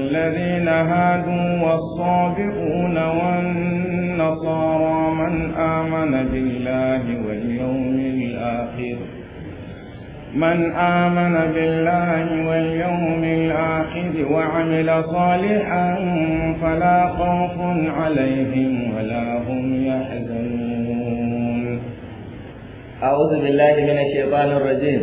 والذين هادوا والصابئون والنصارى من آمن بالله واليوم الآخر من آمن بالله واليوم الآخر وعمل صالحا فلا خوف عليهم ولا هم يحزنون أعوذ بالله من الشيطان الرجيم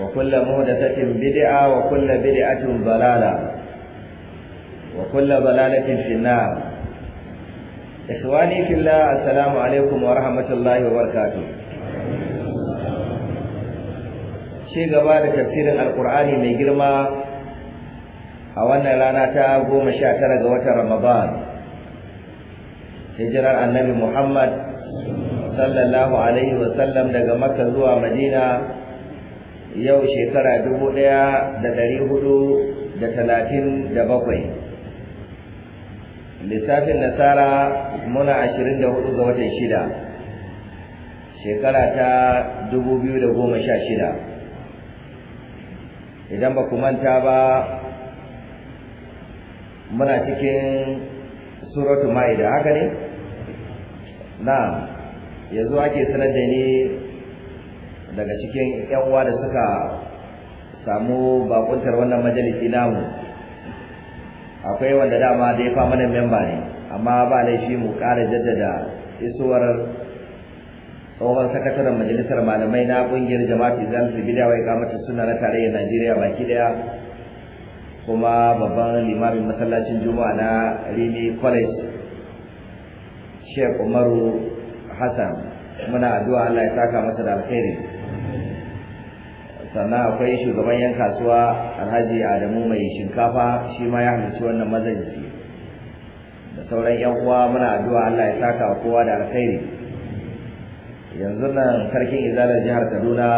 وكل مهدثة بدعة وكل بدعة ضلالة وكل ضلالة في النار إخواني في الله السلام عليكم ورحمة الله وبركاته شيء غبار تفسير القرآن من جرما أولنا لانا تابو مشاكرة وتر رمضان هجرة النبي محمد sallallahu alaihi sallam daga makka zuwa madina yau shekara dubu ɗaya da ɗari hudu da talatin da bakwai lissafin nasara muna ashirin da hudu ga watan shida shekara ta dubu biyu da goma sha shida idan ba ku manta ba muna cikin suratu ma'ida haka ne na yanzu ake sanar da ni daga cikin yan uwa da suka samu bakuntar wannan majalisi namu akwai wanda dama da ya fa mana memba ne amma ba laifi mu ƙara jaddada isuwar tsohon sakataren majalisar malamai na ƙungiyar jama'a zan su dawai ga mata suna na tarayyar najeriya baki daya kuma babban limamin masallacin juma'a na rini college Sheik umaru hassan muna addu'a allah ya saka masa da alkhairi sannan akwai shugaban yan kasuwa alhaji adamu mai shinkafa shi ma ya halarci wannan majalisi da sauran yan uwa muna addu'a Allah ya saka wa kowa da alkhairi yanzu nan sarkin izalar jihar kaduna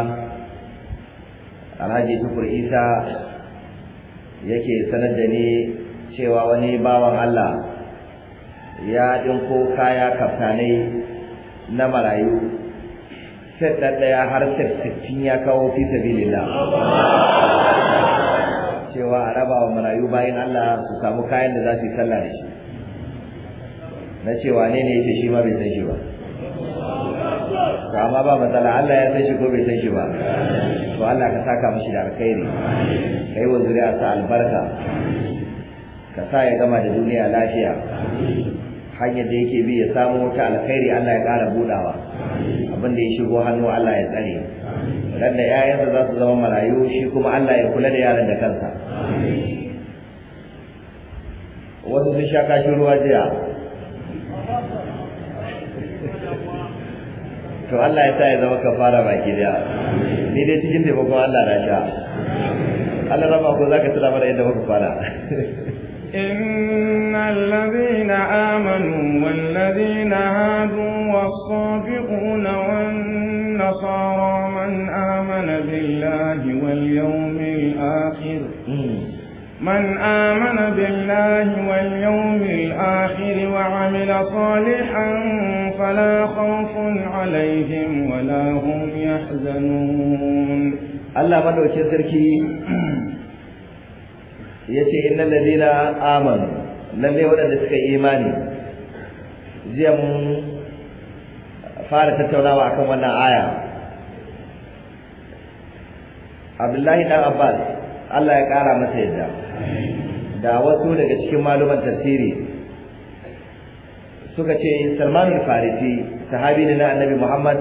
alhaji tukur isa yake sanar da ni cewa wani bawan Allah ya ɗinko kaya kaftanai na marayu sai ɗaya har sittin ya kawo fi sabilillah cewa a raba wa marayu bayan Allah su samu kayan da za su yi sallah da shi na cewa ne ne yake shi ma bai san shi ba to amma ba matsala Allah ya san shi ko bai san shi ba to Allah ka saka mishi da alkhairi kai wa zuriya sa albarka ka sa ya gama da duniya lafiya hanyar da yake bi ya samu wata alkhairi Allah ya ƙara budawa abin da ya shigo hannu Allah ya tsare ran da yayansa za su zama marayu shi kuma Allah ya kula da yaran da kansa wasu sun sha kashin ruwa jiya to Allah ya sa ya zama kafara baki da ni dai cikin taimakon Allah na sha Allah raba ko zaka tura mana yadda muka fara إن الذين آمنوا والذين هادوا والصابقون والنصارى من آمن بالله واليوم الآخر من آمن بالله واليوم الآخر وعمل صالحا فلا خوف عليهم ولا هم يحزنون الله بدو يا yace innal ladina amanu lalle waɗanda suka yi imani jiya mun fara tattaunawa akan wannan aya Abdullahi dan Abbas Allah ya kara masa yadda da wasu daga cikin maluman tafsiri suka ce Salman farisi sahabi ne na Annabi Muhammad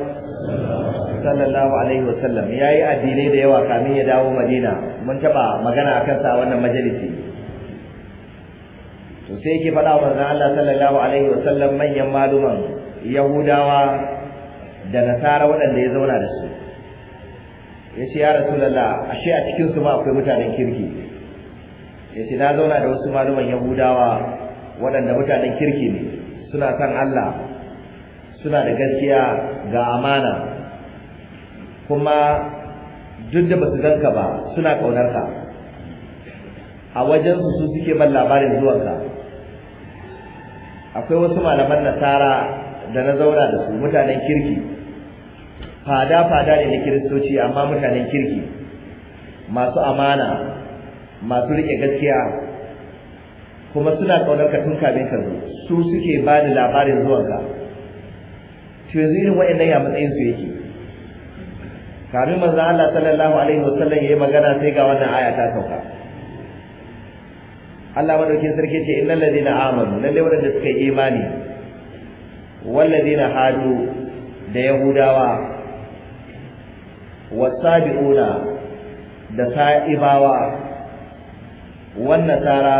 sallallahu alaihi wasallam ya yi addinai da yawa kamin ya dawo madina mun taɓa magana a kansa a wannan majalisi to sai yake faɗa wa manzon Allah sallallahu alaihi wasallam manyan maluman yahudawa da nasara waɗanda ya zauna da su ya ce ya rasulallah ashe a cikin su ma akwai mutanen kirki ya ce na zauna da wasu maluman yahudawa waɗanda mutanen kirki ne suna san Allah suna da gaskiya ga amana kuma duk da basu ganka ba suna kaunar ka a wajen su su suke ban labarin zuwanka akwai wasu malaman nasara da na zauna da su mutanen kirki fada fada ne na kiristoci amma mutanen kirki masu amana masu rike gaskiya kuma suna kaunar ka tun kafin ka zo su suke ba da labarin zuwanka to yanzu irin waɗannan ya matsayin su yake kafin manzo Allah sallallahu alaihi wasallam yayi magana sai ga wannan aya ta sauka Allah madaukin sarki ce innal ladina amanu lalle wanda suka yi imani wal ladina hadu da yahudawa wasabiuna da sa'ibawa wan nasara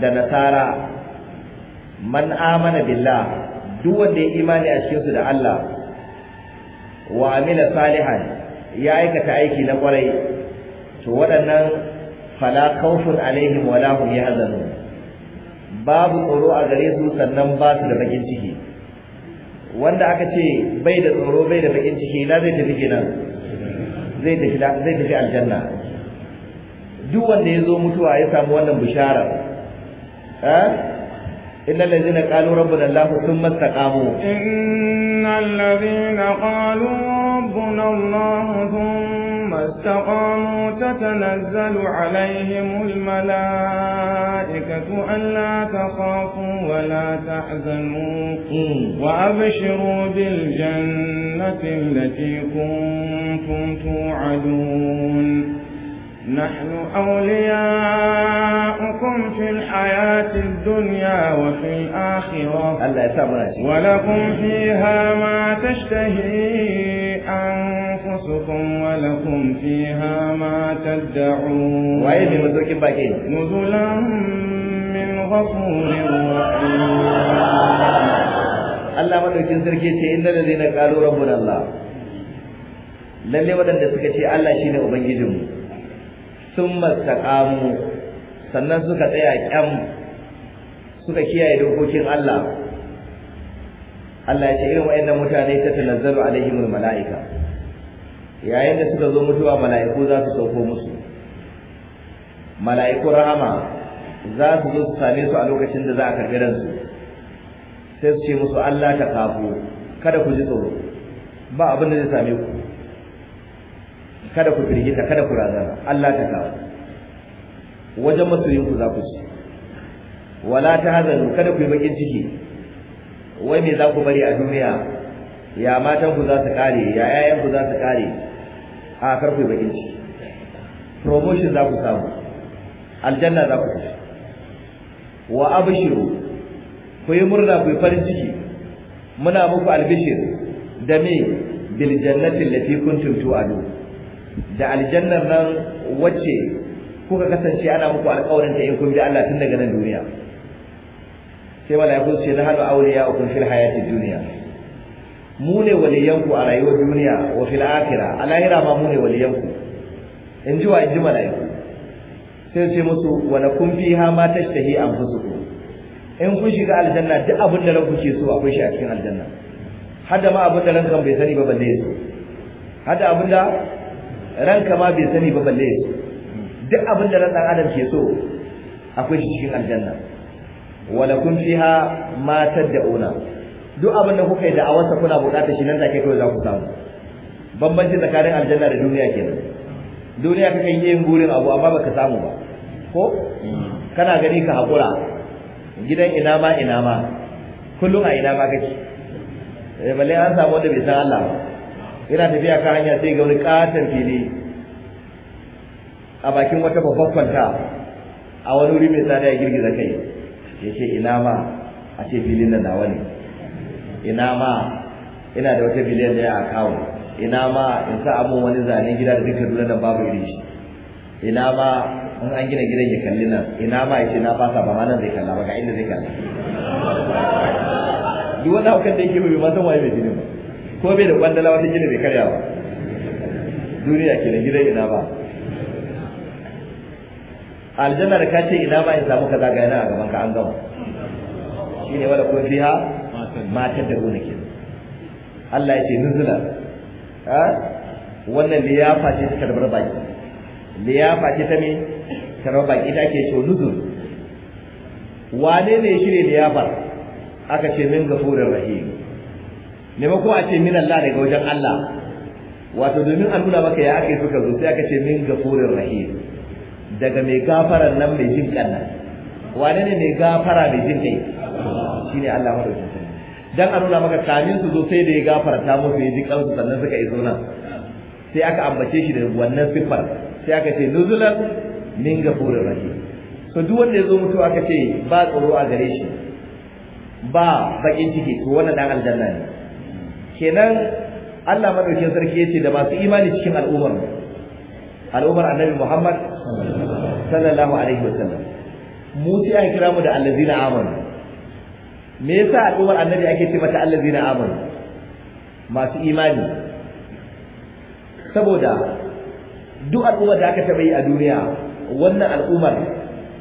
da nasara man amana billah duk wanda ya imani a cikin su da Allah wa amila salihan ya aikata aiki na kwarai to waɗannan fala khawfun alaihim wala hum yahzanun babu tsoro a gare su sannan ba su da bakin ciki wanda aka ce bai da tsoro bai da bakin ciki na zai tafi kenan zai tafi zai tafi aljanna duk wanda ya zo mutuwa ya samu wannan bishara eh إلا الذين قالوا ربنا الله ثم استقاموا إن الذين قالوا ربنا الله ثم استقاموا تتنزل عليهم الملائكة ألا تخافوا ولا تحزنوا وأبشروا بالجنة التي كنتم توعدون نحن أولياؤكم في الحياة الدنيا وفي الآخرة ولكم فيها ما تشتهي أنفسكم ولكم فيها ما تدعون Allah madaukin sarki ce inda da zai na ƙaro rabbun Allah lalle waɗanda suka ce Allah shi ne Ubangijinmu sun mastaƙamu sannan suka tsaya ƙyam suka kiyaye dokokin Allah Allah ya ce irin waɗannan mutane ta tanazzalu alaihimul mala'ika yayin da suka zo mutuwa mala'iku za su sauko musu mala'iku rahama za su zo su same su a lokacin da za a karɓi ransu sai su ce musu Allah ta kafu kada ku ji tsoro ba abin da zai same ku kada ku firgita kada ku razana Allah ta kafu wajen masoyinku za ku ci wala ta hazanu kada ku yi bakin ciki wai me za ku bari a duniya ya matan ku za su kare ya yayan ku za su kare a kar ku bakin ciki promotion za ku samu aljanna za ku ci wa abshiru ku yi murna ku yi farin ciki muna muku albishir da me bil jannati allati kuntum tu'adu da aljannar nan wacce kuka kasance ana muku alƙawarin ta in kun bi Allah tun daga nan duniya sai malaiku ce na hadu ya ukun fil hayati duniya mu ne waliyanku a rayuwar duniya wa fil akhirah a lahira ma mu ne waliyanku in ji wa in ji malaiku sai ce musu wa fi ha ma tashtahi anfusukum in kun shiga aljanna duk abin da ranku ke so akwai shi a cikin aljanna hada ma abin da ranka bai sani ba balle su hada abin da ranka ma bai sani ba balle su duk abin da ran dan adam ke so akwai shi cikin aljanna Wala kun fiha ma tad'una duk abin da kuka yi da'awarsa kuna bukata shi nan take kawai za ku samu bambanci tsakanin aljanna da duniya kenan duniya kake yin burin abu amma baka samu ba ko kana gani ka hakura gidan ina ma ina ma kullum a ina ma kake eh balle an samu wanda bai san Allah yana tafiya kan hanya sai ga wani katon fili a bakin wata babban kwanta a wani wuri mai tsada ya girgiza kai ya ce ina ma a ce filin da nawa ne ina ma ina da wata biliyan da ya kawo ina ma in sa abu wani zanen gida da duka dole da babu irin shi ina ma in an gina gidan ya kalli nan ina ma ya ce na fasa ba ma nan zai kalla ba ga inda zai kalla duk wani haukan da yake bai ma san waye mai gini ba ko bai da kwandala wata gina bai karya ba duniya ke da gidan ina ba aljanna da ka ce ina ba in samu kaza ga yana a gaban ka an gama shine wala kun fiha matan da gona ke Allah ya ce nuzula ha wannan liyafa ce ta karbar baki liyafa ce ta me karbar baki ta ke to nuzul wane ne ne liyafar aka ce min gafurin rahim ko a ce min Allah daga wajen Allah wato domin an nuna maka ya ake suka zo sai aka ce min gafurin rahim daga mai gafaran nan mai jin kanna nan wane ne mai gafara mai jin kai shine Allah madaukakin sarki dan a nuna maka kamin su zo sai da ya ta musu ya ji kansu sannan suka iso nan sai aka ambace shi da wannan siffar sai aka ce nuzulan min gafurir rahim To duk wanda ya zo mutuwa aka ce ba tsoro a gare shi ba bakin ciki to wannan dan aljanna ne kenan Allah madaukin sarki yace da masu imani cikin al'ummar mu al'ummar annabi Muhammad sallallahu alaihi wa sallam mu sai aka kira mu da allazina amanu me yasa al'ummar annabi ake ce mata allazina amanu masu imani saboda duk al'ummar da aka taɓa yi a duniya wannan al'ummar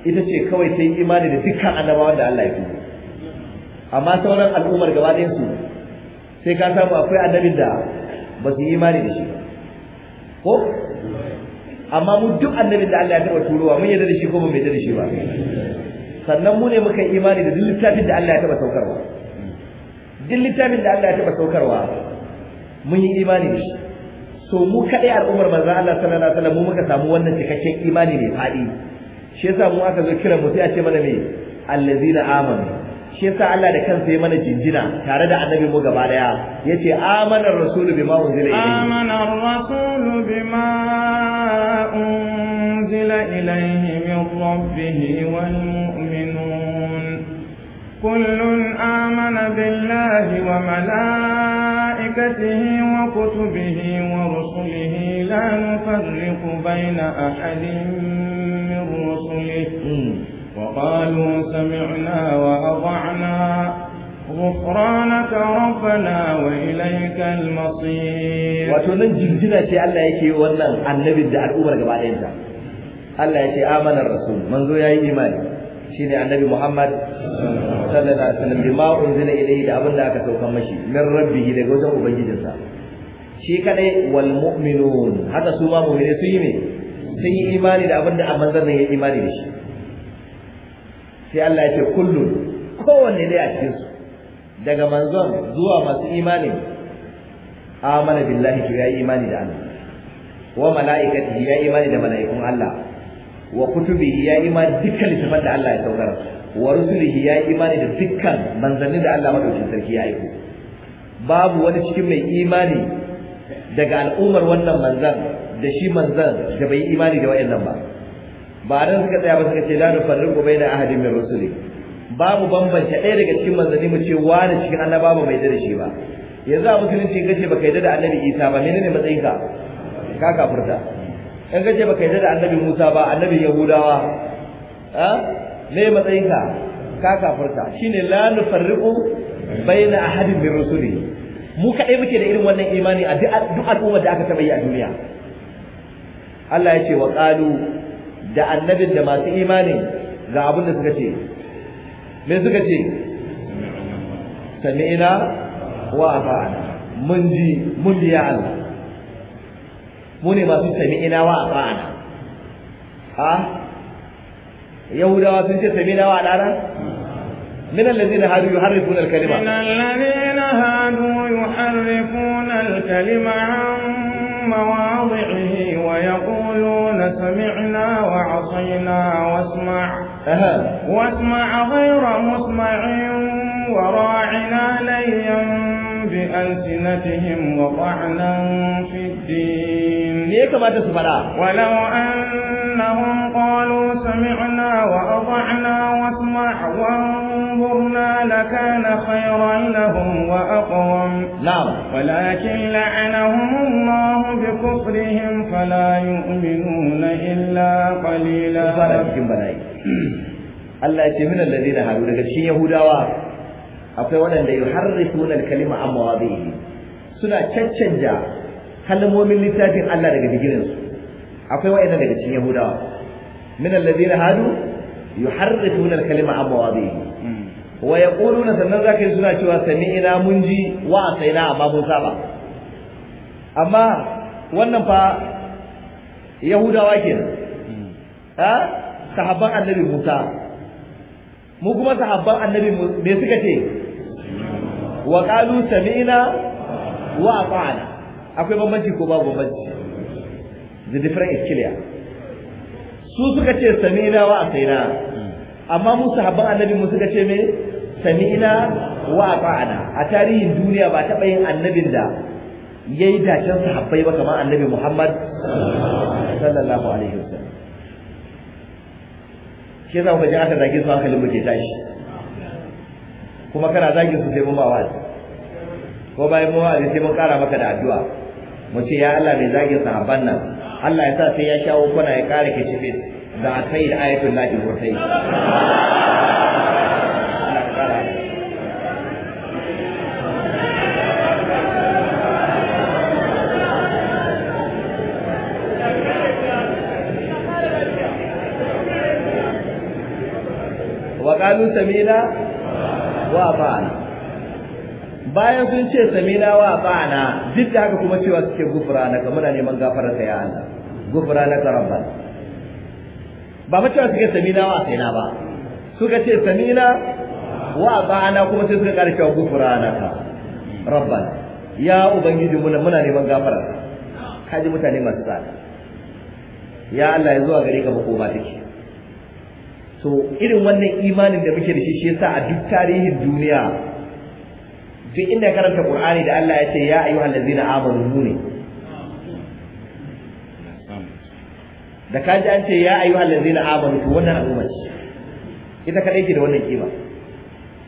ita ce kawai ta imani da dukkan annabawan da Allah ya amma sauran al'ummar gaba su sai ka samu akwai annabin da ba su yi imani da shi ko amma mu duk annabin da Allah ya taba turowa mun yarda da shi ko ba mu da shi ba sannan mu ne muka imani da duk littafin da Allah ya taba saukarwa duk littafin da Allah ya taba saukarwa mun yi imani da shi so mu kadai al'ummar manzon Allah sallallahu alaihi wasallam mu muka samu wannan cikakken imani mai fadi shi yasa mu aka zo kira mu sai a ce mana me allazina amanu shi yasa Allah da kansa ya mana jinjina tare da annabi mu gaba daya yace amanar rasulu bima unzila ilayhi amanar rasulu bima unzila ilayhi min rabbih wal mu'minun kullun amana billahi wa malaikatihi wa kutubihi wa rusulihi la nufarriqu baina ahadin min rusulihi hmm. وقالوا سمعنا وأضعنا غفرانك ربنا وإليك المصير وتنن جلجلة الله يكي ونن النبي دع الأمر قبل أنت الله يكي آمن الرسول من ذو يأي إيمان شيني النبي محمد صلى الله عليه وسلم بما أنزل إليه لأبن لك سوف مشي من ربه لقوزه rabbihi daga wajen ubangijinsa shi kadai wal mu'minun haka su ma mu'mine su yi ne sun yi imani da abin da manzon nan ya imani da shi sai Allah ya ce kullum kowanne ne a cikin su daga manzon zuwa masu imani amana billahi to yayi imani da Allah wa malaikati ya imani da malaikun Allah wa kutubihi ya imani dukkan littafan da Allah ya saukar wa rusulihi ya imani da dukkan manzanni da Allah madaukakin sarki ya aiko babu wani cikin mai imani daga al'ummar wannan manzan da shi manzan da bai imani da wayannan ba ba nan suka tsaya ba suka ce la nufarriqu bayna ahadin min rusuli babu bambanta ɗaya daga cikin manzanni mu ce wani cikin annaba ba mai da shi ba yanzu a musulunci kace baka yarda da annabi Isa ba menene matsayinka ka kafirta in kace baka yarda da annabi Musa ba annabi Yahudawa ha me matsayinka ka kafirta shine la nufarriqu bayna ahadin min rusuli mu kadai muke da irin wannan imani a duk al'ummar da aka taɓa yi a duniya Allah ya ce wa qalu da annabin da masu imani ga abin da suka ce me suka ce sami'ina wa ata'ana mun ji mun ji ya Allah mu ne masu sami'ina wa ata'ana ha yahudawa sun ce sami'ina wa ata'ana من الذين هادوا يحرفون الكلمة من الذين هادوا يحرفون الكلمة عن مواضعه ويقول سمعنا وعصينا واسمع واسمع غير مسمع وراعنا ليا بألسنتهم وطعنا في الدين ولو أنهم قالوا سمعنا وأطعنا واسمع وانظرنا أمرنا لكان خيرا لهم وأقوم نعم ولكن لعنهم الله بكفرهم فلا يؤمنون إلا قليلا Allah ya ce min allazi na haru daga cikin Yahudawa akwai waɗanda ya harrifuna kalima an mawadihi suna caccanja kalmomin littafin Allah daga digirinsu akwai waɗanda daga cikin Yahudawa min allazi na haru yuharrifuna kalima wa na sannan ka yi suna cewa sami ina mun ji wa na amma mun saba amma wannan fa yahudawa ke hmm. ha sahabban annabi Musa mu kuma sahabban annabi me suka ce wa sami ina, wa ata'na akwai bambanci ko babu bambanci the different is clear su suka ce sami'na wa na hmm. amma mu sahabban annabi mu suka ce me sami'na wa ta'ana a tarihin duniya ba taɓa yin annabin da yayi dacen sahabbai ba kamar annabi Muhammad sallallahu alaihi wasallam shi yasa muka ji aka zage su hankalin muke tashi kuma kana zage su sai mun ba wa'azi ko bayan mun wa'azi sai mun kara maka da addu'a mu ce ya Allah mai zage sahabban nan Allah ya sa sai ya shawo kuna ya kare ke da a da ayatul lahi wa samina wa ba'ana bayan sun ce samina wa ba'ana duk da haka kuma cewa suke gufrana ga muna neman gafarar ta ya Allah gufrana ga rabban ba mu cewa suke samina wa sayna ba suka ce samina wa ba'ana kuma sai suka karshe cewa gufrana ka rabban ya ubangiji muna muna neman gafarar ka ji mutane masu tsada ya Allah ya zuwa gare ka makoma take so irin wannan imanin da muke da shi shi yasa a duk tarihin duniya duk inda karanta qur'ani da Allah ya ce ya ayyuhal allazina amanu mu da kaji an ce ya ayyuhal allazina amanu to wannan al'umma ce ita kadai ke da wannan kima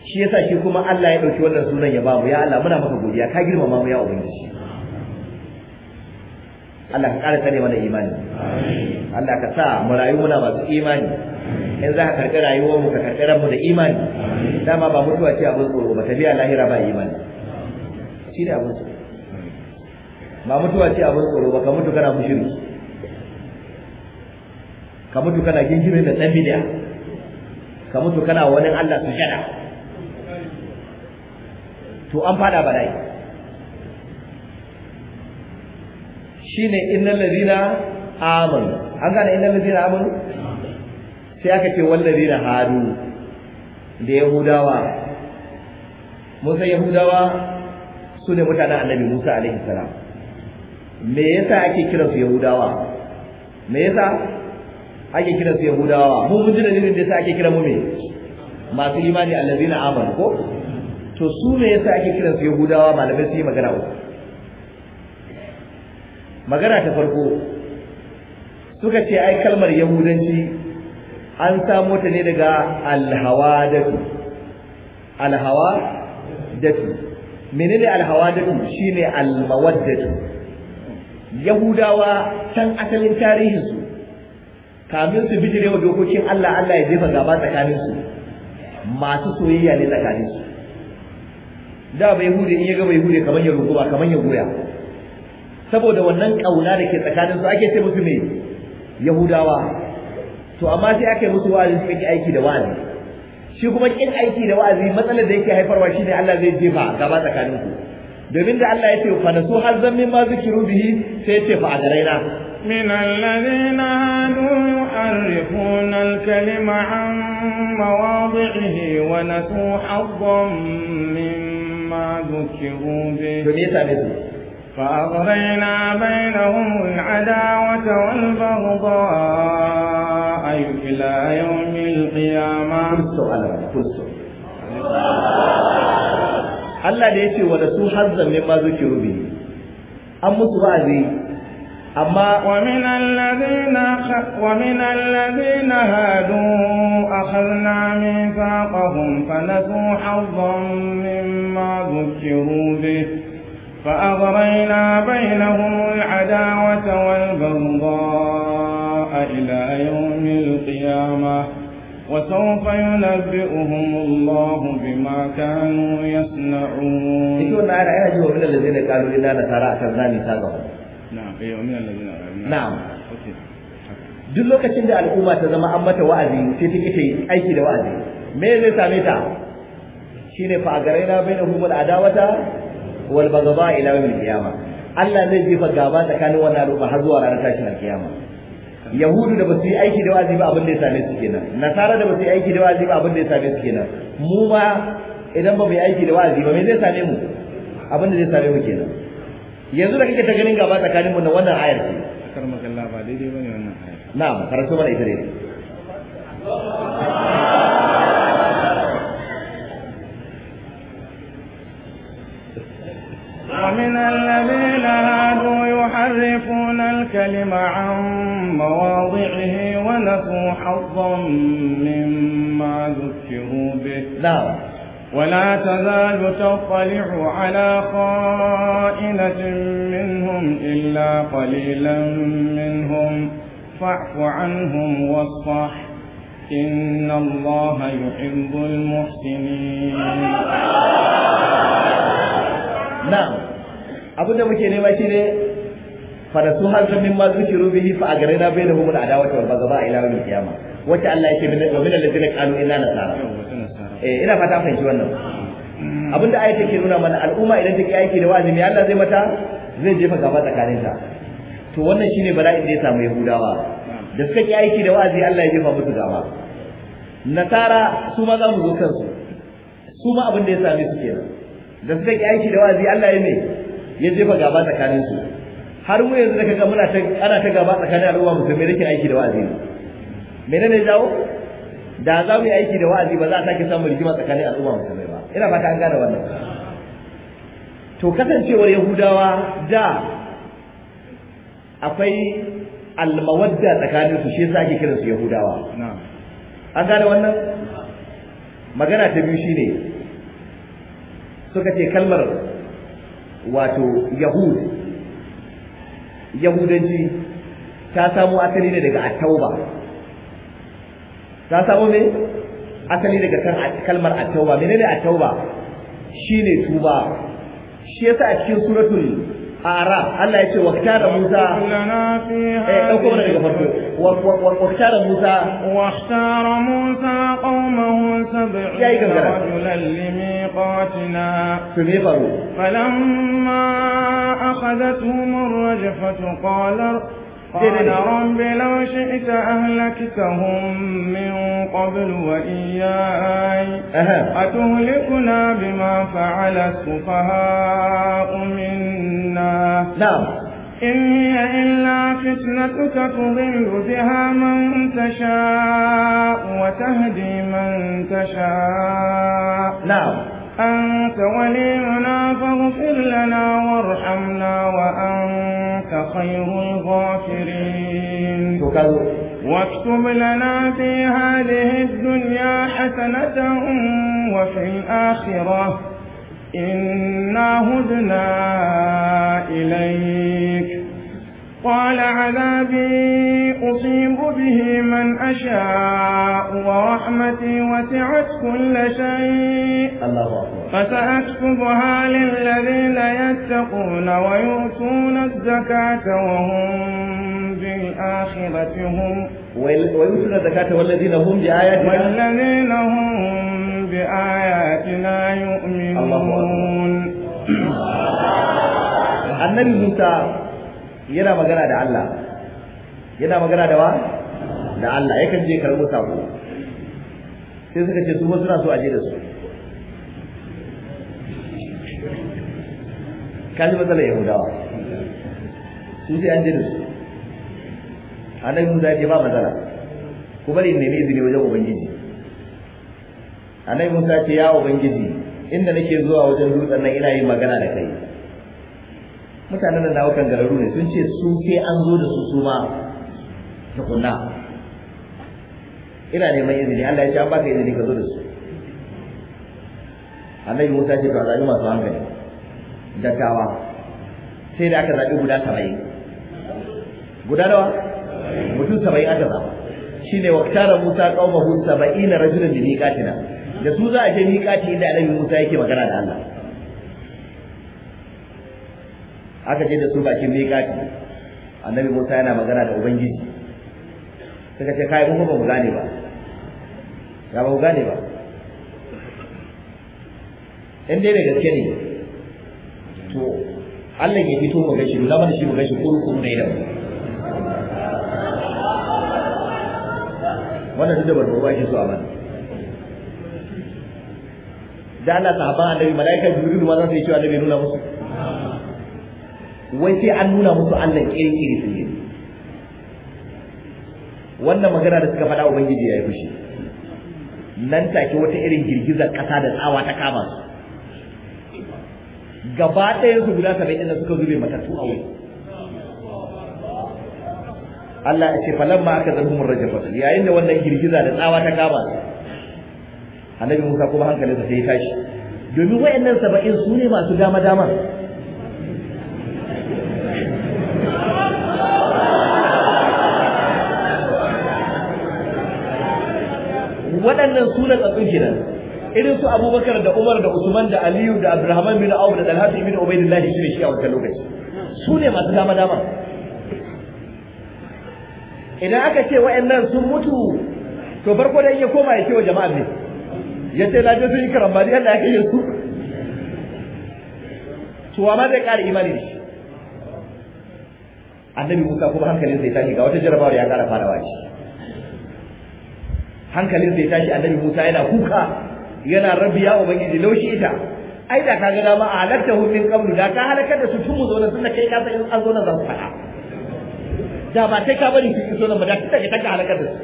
shi yasa shi kuma Allah ya dauki wannan sunan ya ba mu ya Allah muna maka godiya ka girmama mu ya ubangiji Allah ka ƙara ne mana imani Allah ka sa mu rayu muna masu imani in za ka karɓi rayuwar mu ka karɓi ranmu da imani dama ba mutuwa ce abin tsoro ba tafiya lahira ba imani shi ne abin tsoro ba mutuwa ce abin tsoro ba ka mutu kana mushiri ka mutu kana gingimin da ɗan bidiya ka mutu kana wani Allah su jada to an fada bala'i shine innal ladina amanu an gane innal ladina amanu sai aka ce zai na hadu da yahudawa mun san yahudawa su ne mutanen annabi musa alaihi salam me yasa ake kiransu yahudawa me yasa ake kiransu yahudawa mu mun ji dalilin da yasa ake kira mu me masu imani allazina amanu ko to su me yasa ake kiransu yahudawa malamai su yi magana uku magana ta farko suka ce ai kalmar yahudanci an samo ta ne daga alhawadatu Datu. menene alhawadatu shine almawaddatu yahudawa can asalin tarihin su kamin su bijire wa dokokin Allah Allah ya jefa gaba tsakanin su masu soyayya ne tsakanin su da bai hude in ya ga bai hude kaman ya rubuwa kaman ya goya saboda wannan kauna da ke tsakanin su ake ce musu ne yahudawa to amma sai aka yi musu wa'azi suka ki aiki da wa'azi shi kuma kin aiki da wa'azi matsalar da yake haifarwa shine Allah zai jefa gaba tsakaninku domin da Allah ya ce fa nasu har zammin ma zikiru bihi sai ya ce fa agaraina من الذين هادوا يحرفون الكلم عن مواضعه ونسوا حظا مما ذكروا به فأغرينا بينهم العداوة والبغضاء إلى يوم القيامة Allah da ya ce wa da su hazzan ne ba zuke rubi an musu wa'azi amma wa min alladhina wa min alladhina hadu akhadna mithaqahum fa nasu hazzan mimma dhukiru bihi فأغرينا بينهم العداوة والبغضاء إلى يوم القيامة وسوف ينبئهم الله بما كانوا يصنعون. يقول أنا أنا جوا من الذين قالوا إنا نصارى كذاني ساقهم. نعم أيوه من الذين نعم. duk lokacin da al'umma ta zama an mata wa'azi sai ta kike aiki da wa'azi me zai same ta shine fa agaraina bainahum adawata wal bagaba ila yawm al-qiyama Allah zai jefa gaba tsakanin wannan ruba har zuwa ranar tashin al-qiyama yahudu da basu yi aiki da wazi ba abin da ya same su kenan nasara da basu yi aiki da wazi ba abin da ya same su kenan mu ba idan ba mu yi aiki da wazi ba me zai same mu abin da zai same mu kenan yanzu da kake ta ganin gaba tsakanin mu na wannan ayar ce akar magalla ba daidai bane wannan ayar na'am karatu mana ita dai من الذين هادوا يحرفون الكلم عن مواضعه ونسوا حظا مما ذكروا به لا ولا تزال تطلع على خائنة منهم إلا قليلا منهم فاعف عنهم واصفح إن الله يحب المحسنين نعم abin da muke nema shine farasu zan min ma rubi bihi fa a na agrina bainahum al adawata wal a ila yawm al qiyamah Wacce Allah yake min min kanu ina na nasara eh ina fata fahimci wannan da ayata ke nuna mana al'umma idan take aiki da wa'azi mai Allah zai mata zai jefa gaba tsakanin ta to wannan shine bala'in da ya samu yahudawa da suka ki aiki da wa'azi Allah ya jefa musu gaba nasara su ma za mu zo kansu su ma abin da ya same su kenan da suka ki aiki da wa'azi Allah ya mai ya jefa gaba tsakanin su har mu yanzu da kaga muna ta ana ta gaba tsakanin al'umma musulmai da ke aiki da wa'azi ne menene jawo da za mu yi aiki da wa'azi ba za a sake samun rigima tsakanin al'umma musulmai ba ina fata an gane wannan to kasancewar yahudawa da akwai almawadda tsakanin su shi yasa ake kiransu yahudawa an gane wannan magana ta biyu shine suka ce kalmar wato yahud yahudanci ta samo asali ne daga attauba ta samo ne asali daga kan kalmar attauba menene attauba shine tuba shi yasa a cikin suratul a'raf Allah ya ce wa kana Musa dauko eh, daga farko واختار موسى واختار موسى قومه سبعين رجلا لميقاتنا فلما أخذتهم الرجفة قال قال رب لو شئت أهلكتهم من قبل وإياي أتهلكنا بما فعل السفهاء منا نعم إن هي إلا فتنتك تضل بها من تشاء وتهدي من تشاء نعم أنت ولينا فاغفر لنا وارحمنا وأنت خير الغافرين واكتب لنا في هذه الدنيا حسنة وفي الآخرة إنا هدنا إليك قال عذابي أصيب به من أشاء ورحمتي وسعت كل شيء فسأكتبها للذين يتقون ويؤتون الزكاة وهم بالآخرة هم ويؤتون الزكاة والذين هم بآياتنا والذين هم بآياتنا يؤمنون النبي موسى yana magana da Allah yana magana da wa da Allah ya kan je karɓo sako sai suka ce su ba suna so a je da su ji matsalar yahudawa su sai an je da su annabi Musa ya ce ba matsala ku bari ne izini wajen ubangiji annabi Musa ce ya ubangiji inda nake zuwa wajen dutsen nan ina yin magana da kai mutanen da nawukan gararu ne sun ce su ke an zo da su su ma tukunna ina neman izini Allah ya ce an baka izini ka zo da su annabi Musa ce to a zaɓi masu hankali dattawa sai da aka zaɓi guda saba'in guda nawa mutum saba'in aka zaɓa shine waktara Musa qaumahu 70 rajulan bi miqatina da su za a je miqati inda annabi Musa yake magana da Allah aka je da su bakin miƙati annabi Musa yana magana da ubangiji suka ce kai ba mu gane ba ya ba mu gane ba in dai da gaske ne to Allah ya fito mu gashi da mana shi mu gashi kurkuru ne da wannan duk da ba ba shi so a mana da Allah sahaba annabi malaika jibril ma za su yi cewa annabi nuna musu wai sai an nuna musu Allah kirkiri su ne wannan magana da suka faɗa ubangiji ya yi fushi nan take wata irin girgizar ƙasa da tsawa ta kama su gaba ɗaya su guda saba inda suka zube matattu a wani. Allah ya ce ma aka Raja rajafat yayin da wannan girgiza da tsawa ta kama su annabi Musa kuma hankalinsa sai ya tashi domin wayannan saba'in su ne masu dama dama waɗannan sunan tsatsun kenan irin su abubakar da umar da usman da aliyu da abrahaman bin auf da talhat bin Ubaidullahi su ne shi a wancan lokaci su ne masu dama dama idan aka ce waɗannan sun mutu to farko dai ya koma ya ce wa jama'a ne ya ce na sun yi karambani Allah ya kai su to amma zai ƙara imani shi annabi Musa kuma hankalin sai tashi ga wata jarabawar ya ƙara farawa shi hankalin sai tashi annabi Musa yana kuka yana rabiya bangiji laushi ita ai da kaga dama a halatta hu min qablu da ka halakar da su tun mu zauna tunda kai ka san in an zauna zan fada da ba kai ka bari su zo nan ba da tunda kai ka halakar da su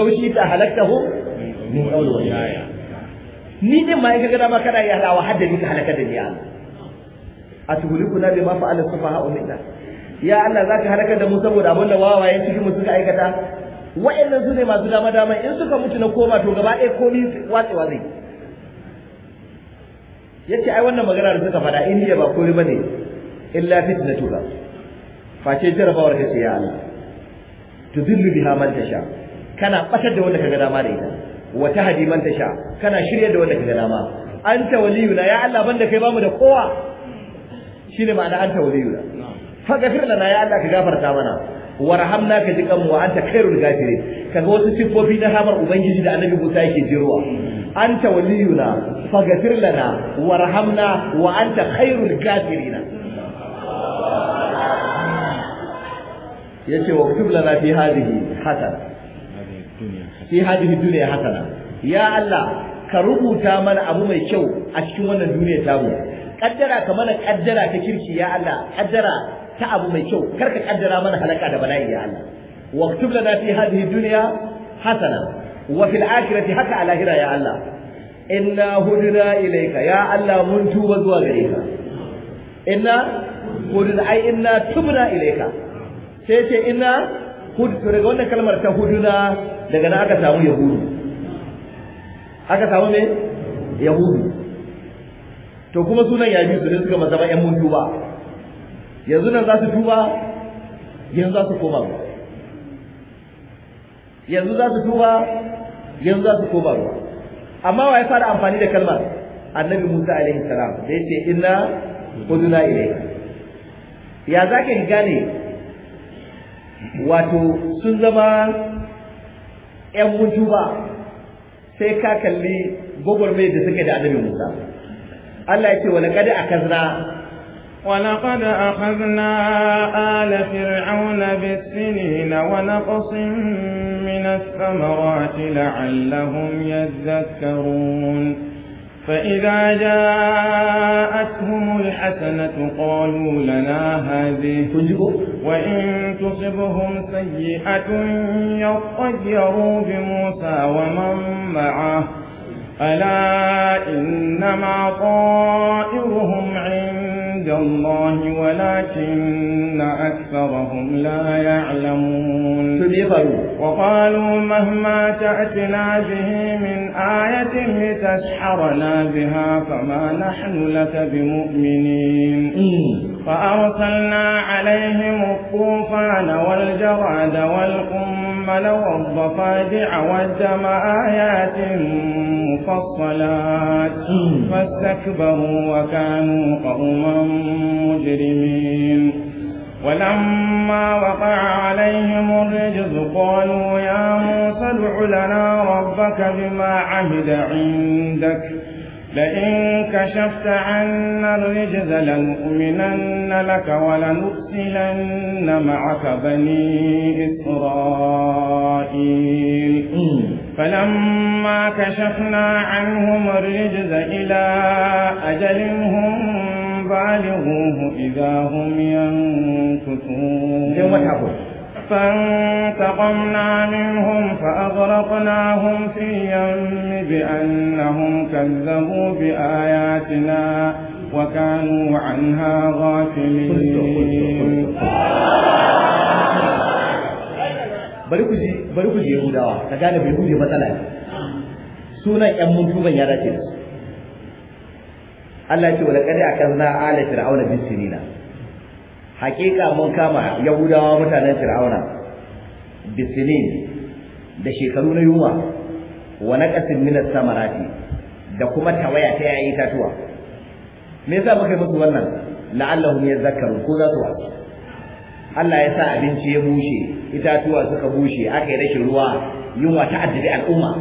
laushi ta halakta hu min qablu wa ni ne mai kaga dama kada ya halawa haddani ka halakar da ni Allah atuhulikuna ma fa'ala sufaha minna ya Allah zaka halakar da mu saboda abin da wawaye cikin mu suka aikata wa'annan su ne masu dama dama in suka mutu na koma to gaba ɗaya komi wa zai yace ai wannan magana da suka faɗa in ba kori bane illa fitnatuka face jarabawar kace ya Allah tudillu biha man tasha kana batar da wanda kaga dama da ita wa tahdi man tasha kana shirya da wanda kaga dama anta waliyuna ya Allah banda kai bamu da kowa shine ma'ana anta waliyuna faghfir lana ya Allah ka gafarta mana warhamna ka ji kanmu anta khairul ghafirin kaga wasu sifofi na hamar ubangiji da annabi Musa yake jirowa anta waliyuna faghfir lana warhamna wa anta khairul ghafirin yace wa kutub lana fi hadhihi hasana fi hadhihi dunya hasana ya Allah ka rubuta mana abu mai kyau a cikin wannan duniya tamu kaddara ka mana kaddara ka kirki ya Allah kaddara ta abu mai kyau kar ka kaddara mana halaka da bala'i ya Allah kutub lana fi hadhihi dunya hasana wa fil akhirati haka ala hira ya Allah inna hudna ilayka ya Allah mun tuba zuwa gare ka inna hudna ai inna tubna ilayka sai ce inna hud to daga wannan kalmar ta huduna daga nan aka samu yahudu aka samu me yahudu to kuma sunan ya su ne suka zama yan mun tuba yanzu nan za su tuba yanzu za su koma ruwa yanzu za su tuba yanzu za su koma ruwa amma wa ya fara amfani da kalmar annabi Musa alaihi salam da yace inna udna ilayka ya zaka gane wato sun zama ‘yan mutuba ba sai ka kalli gwagwarmai da suke da annabi Musa. Allah ya ce wa kada a kazna ولقد أخذنا آل فرعون بالسنين ونقص من الثمرات لعلهم يذكرون فإذا جاءتهم الحسنة قالوا لنا هذه وإن تصبهم سيئة يطيروا بموسى ومن معه ألا إنما طائرهم عند عند الله ولكن أكثرهم لا يعلمون وقالوا مهما تأتنا به من آية لتسحرنا بها فما نحن لك بمؤمنين فأرسلنا عليهم الطوفان والجراد والقمر ولو والضفادع والدم آيات مفصلات فاستكبروا وكانوا قوما مجرمين ولما وقع عليهم الرجز قالوا يا موسى ادع لنا ربك بما عهد عندك لئن كشفت عنا الرجز لنؤمنن لك ولنرسلن معك بني إسرائيل فلما كشفنا عنهم الرجز إلى أجل هم بالغوه إذا هم ينكثون فانتقمنا منهم فأغرقناهم في اليم بأنهم كذبوا بآياتنا وكانوا عنها غافلين bari ku Yahudawa ka gane bai kuje matsala ne sunan ƴan mutuban ya dace Allah ya ce wa laqad akanna ala fir'auna bis sinina hakika mun kama yahudawa mutanen fir'auna bisinin da shekaru na yunwa wa naqasin min samarati da kuma tawaya ta yayi tatuwa me yasa muka musu wannan la'allahum yazakkaru ko za su wasu Allah ya sa abinci ya bushe itatuwa suka bushe aka yi rashin ruwa yunwa ta addabi al'umma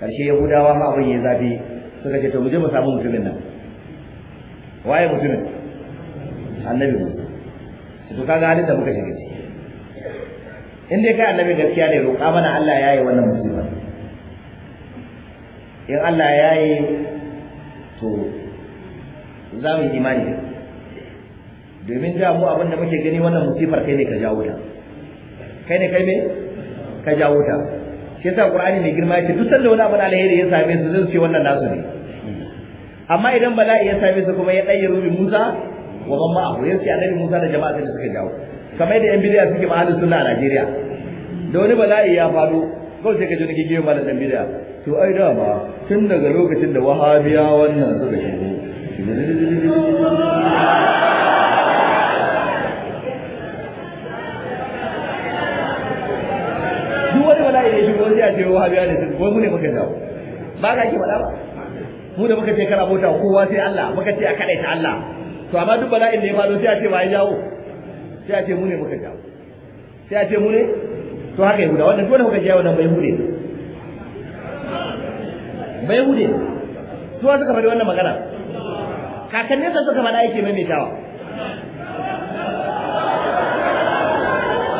karshe yahudawa ma abin ya zafi suka ce to mu je mu samu mutumin nan waye mutumin annabi Musa to kaga halin da muka shiga ciki in dai kai annabi gaskiya ne roƙa mana Allah ya yi wannan musiba in Allah ya yi to za mu yi imani domin da mu abin da muke gani wannan musifar kai ne ka jawo ta kai ne kai ne ka jawo ta shi yasa Qur'ani mai girma yake duk sanda wani abin alheri ya same su zai ce wannan nasu ne amma idan bala'i ya same su kuma ya ɗaya rubi Musa wa ma abu yace annabi Musa da jama'a da suka jawo kamar yadda yan bidiya suke ma'anin sunna a Najeriya da wani bala'i ya faru kawai sai ka ji nake gefe malam dan bidiya to ai da ba tun daga lokacin da wahabiya wannan suka shigo duk wani bala'i da shigo sai a ce wahabiya ne sun wai ne muka jawo ba ka ki faɗa ba mu da muka ce kana bauta kowa sai Allah muka ce a kaɗaita Allah to amma duk bala'in da ya faɗo sai a ce ba ya jawo sai a ce mu ne muka jawo sai a ce mu ne to haka yahuda wannan dole muka kuka jawo nan bai hude bai hude su suka faɗi wannan magana kakannin sa suka faɗa yake maimaitawa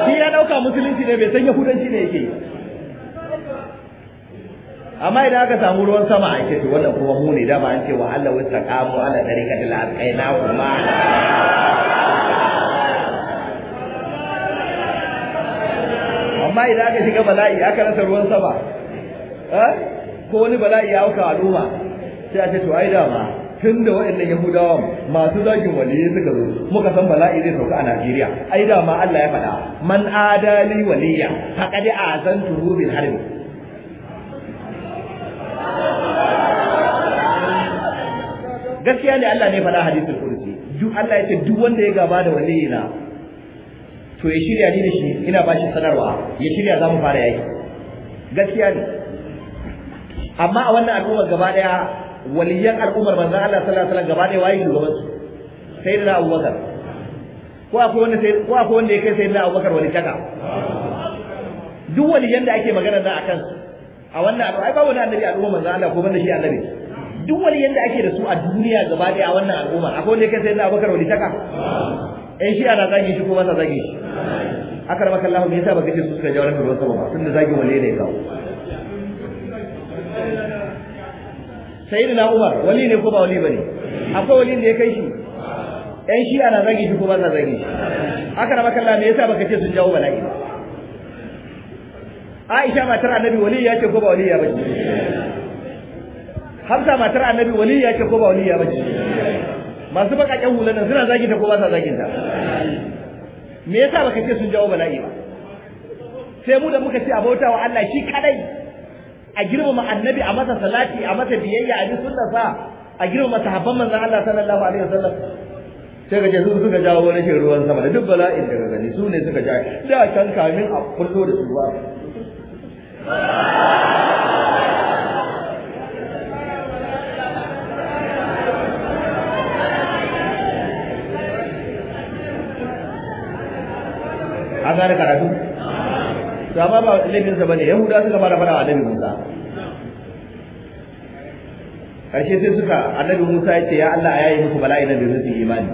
shi ya ɗauka musulunci ne bai san yahudanci ne yake yi amma idan aka samu ruwan sama a ce to wannan kuma mu ne dama an ce wa Allah wasta qamu ala tariqatil aqaina kuma amma idan aka shiga bala'i aka rasa ruwan sama eh ko wani bala'i ya auka al'umma sai a ce to ai dama tun da waɗannan Yahudawa masu zagin waliyyi suka zo muka san bala'i zai sauka a Najeriya ai dama Allah ya faɗa man adali waliya faqad azantu bil harbi gaskiya ne Allah ne faɗa hadisul kursi duk Allah yace duk wanda ya gaba da wani yana to ya shirya ni da shi ina ba shi sanarwa ya shirya za mu fara yaki gaskiya ne amma a wannan al'ummar gaba daya waliyan al'ummar manzon Allah sallallahu alaihi wasallam gaba daya wayi shugaban su sayyidina Abubakar ko akwai wanda sai ko akwai wanda ya kai sayyidina Abubakar wani kaka duk waliyan da ake magana da akan a wannan abu ai ba wani annabi al'ummar manzon Allah ko banda shi annabi duk wani yadda ake da su a duniya gaba daya wannan al'umma akwai wanda yake sai da Abubakar wani taka ɗan shi ana zagi shi ko sa zagi shi akar maka Allah me yasa baka ce su suka jawaran ruwan sama ba tunda zagi wani ne kawo sayyidina Umar wali ne ko ba wali bane akwai wali da ya kai shi ɗan shi ana zagi shi ko sa zagi shi akar maka me yasa baka ce sun jawo bala'i Aisha matar Annabi wali ya ce ko ba wali ya bace hamsa matar annabi waliya ce ko ba waliya ba ce masu bakakken hulan nan suna zagin ta ko ba sa zagin ta me yasa baka ce sun jawo bala'i ba sai mu da muka ce a bauta wa Allah shi kadai a girmama annabi a masa salati a masa biyayya a bin sa, a girmama sahabban manzon Allah sallallahu alaihi wasallam sai ka ce su suka jawo ke ruwan sama da duk bala'in da gani su ne suka jawo da can kamin a furto da su ba an gane karatu to amma ba sa bane yahuda suka fara fara annabi musa karshe sai suka annabi musa ya ce ya allah a yayi muku bala'i nan da su imani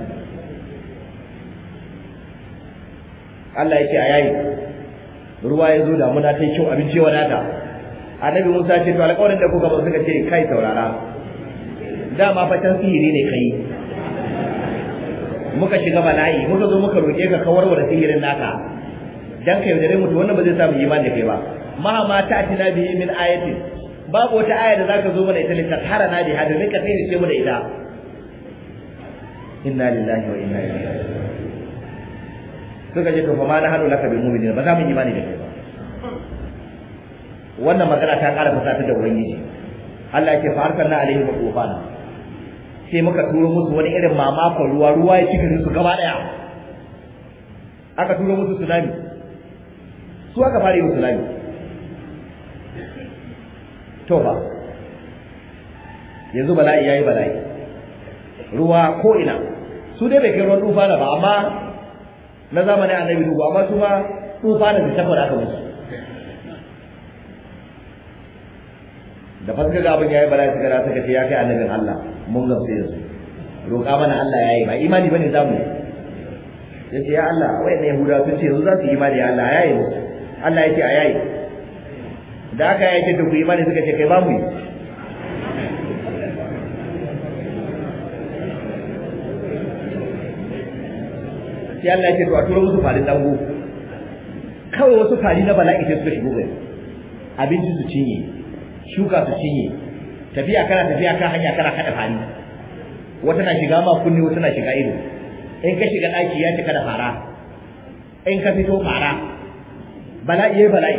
allah ya ce a yayi ruwa ya zo muna ta yi kyau abinci wadata annabi musa ce to alƙawarin da kuka ba suka ce kai saurara dama fatan sihiri ne kai muka shiga bala'i muka zo muka roƙe ka kawar da sihirin naka dan ka yaudare mutu wannan ba zai samu imani da kai ba maha ma ta atina bihi min ayatin babu wata aya da zaka zo mana ita lita tara na bihi domin ka sai ce mu da ita inna lillahi wa inna ilaihi raji'un suka ce to fa ma na hadu laka bil mu'minin ba za mu imani da kai ba wannan magana ta ƙara fasata da ubangiji Allah yake fa arsalna alaihim tufana sai muka turo musu wani irin mamakon ruwa ruwa ya cika su gaba daya aka turo musu tsunami su aka fara yin sulami to ba yanzu bala'i yayi bala'i ruwa ko ina su dai bai kai ruwan tufa da ba amma na zamanin annabi dubu amma su ma tufa da tabbata aka musu da fasika ga abin yayi bala'i suka rasa kace ya kai annabin Allah mun gamsu yanzu roƙa mana Allah yayi ba imani bane zamu yace ya Allah wayannan yahudawa sun ce yanzu za su imani ya Allah yayi musu Allah ya ce a yayi da aka yake da ku imani suka ce kai ba mu yi sai Allah ya ce to a turo musu farin dango kawai wasu fari na bala'i sai suka shigo gari abinci su cinye shuka su cinye tafiya kana tafiya kan hanya kana kada fari wata na shiga ma kunni wata na shiga ido in ka shiga ɗaki ya ci kada fara in ka fito fara bala'i yayi bala'i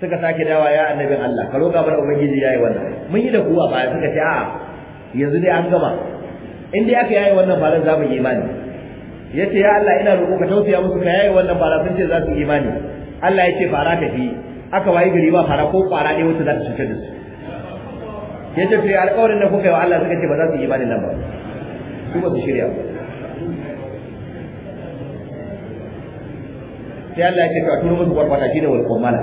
suka sake dawa ya annabin Allah ka roƙa bar ubangiji yayi wannan mun yi da kuwa ba suka ce a'a yanzu dai an gama in dai aka yayi wannan baran za mu yi imani yace ya Allah ina roƙo ka tausaya musu ka yayi wannan bara sun ce za su imani Allah ya ce fara ka fi aka wayi gari ba fara ko fara ne wata za ta cutar da su yace fi alƙawarin da kuka yi wa Allah suka ce ba za su yi imani nan ba su ba su shirya ba sai Allah ya ce ka a turo musu kwarkwata shi da walƙon mala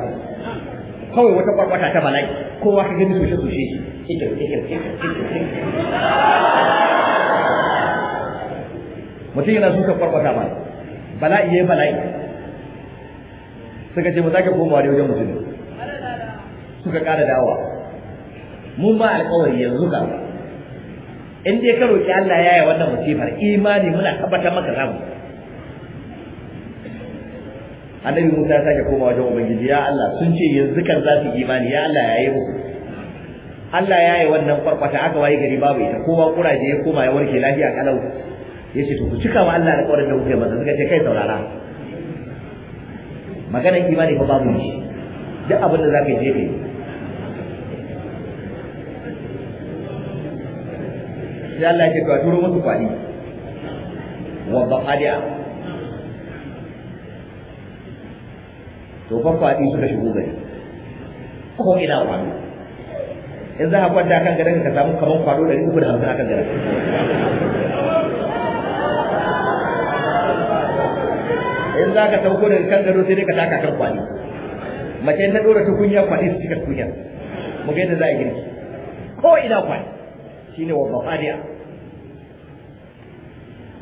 kawai wata kwarkwata ta bala'i kowa ka gani sushe sushe ikir ikir ikir mutum yana suka kwarkwata ba bala'i ya yi bala'i suka ce ba za ka komawa da wajen mutum suka kada dawa mun ba alkawari yanzu ka in dai ka ki Allah ya yi wannan musifar imani muna tabbatar maka zamu annabi Musa ya sake koma wajen ubangiji ya Allah sun ce yanzu kan za su imani ya Allah ya yi mu Allah ya yi wannan farfata aka waye gari babu ita kowa kuraje ya koma ya warke lafiya kalau yace to ku cika wa Allah da kwarin da kuke masa suka ce kai saurara maganar imani fa babu shi duk abin da zaka je kai sai Allah ya ce ka turo musu kwani wa bahadiya to kwakwaɗi suka shigo gari ko ina kwado in za a kwanta kan gadon ka samu kamar kwado ɗari uku da hamsin akan gadon in za ka sauko daga kan gado sai dai ka taka kan kwali mace ta dora tukunya kwali su cika tukunya mu ga yadda za a girki ko ina kwali shine wa mafadiya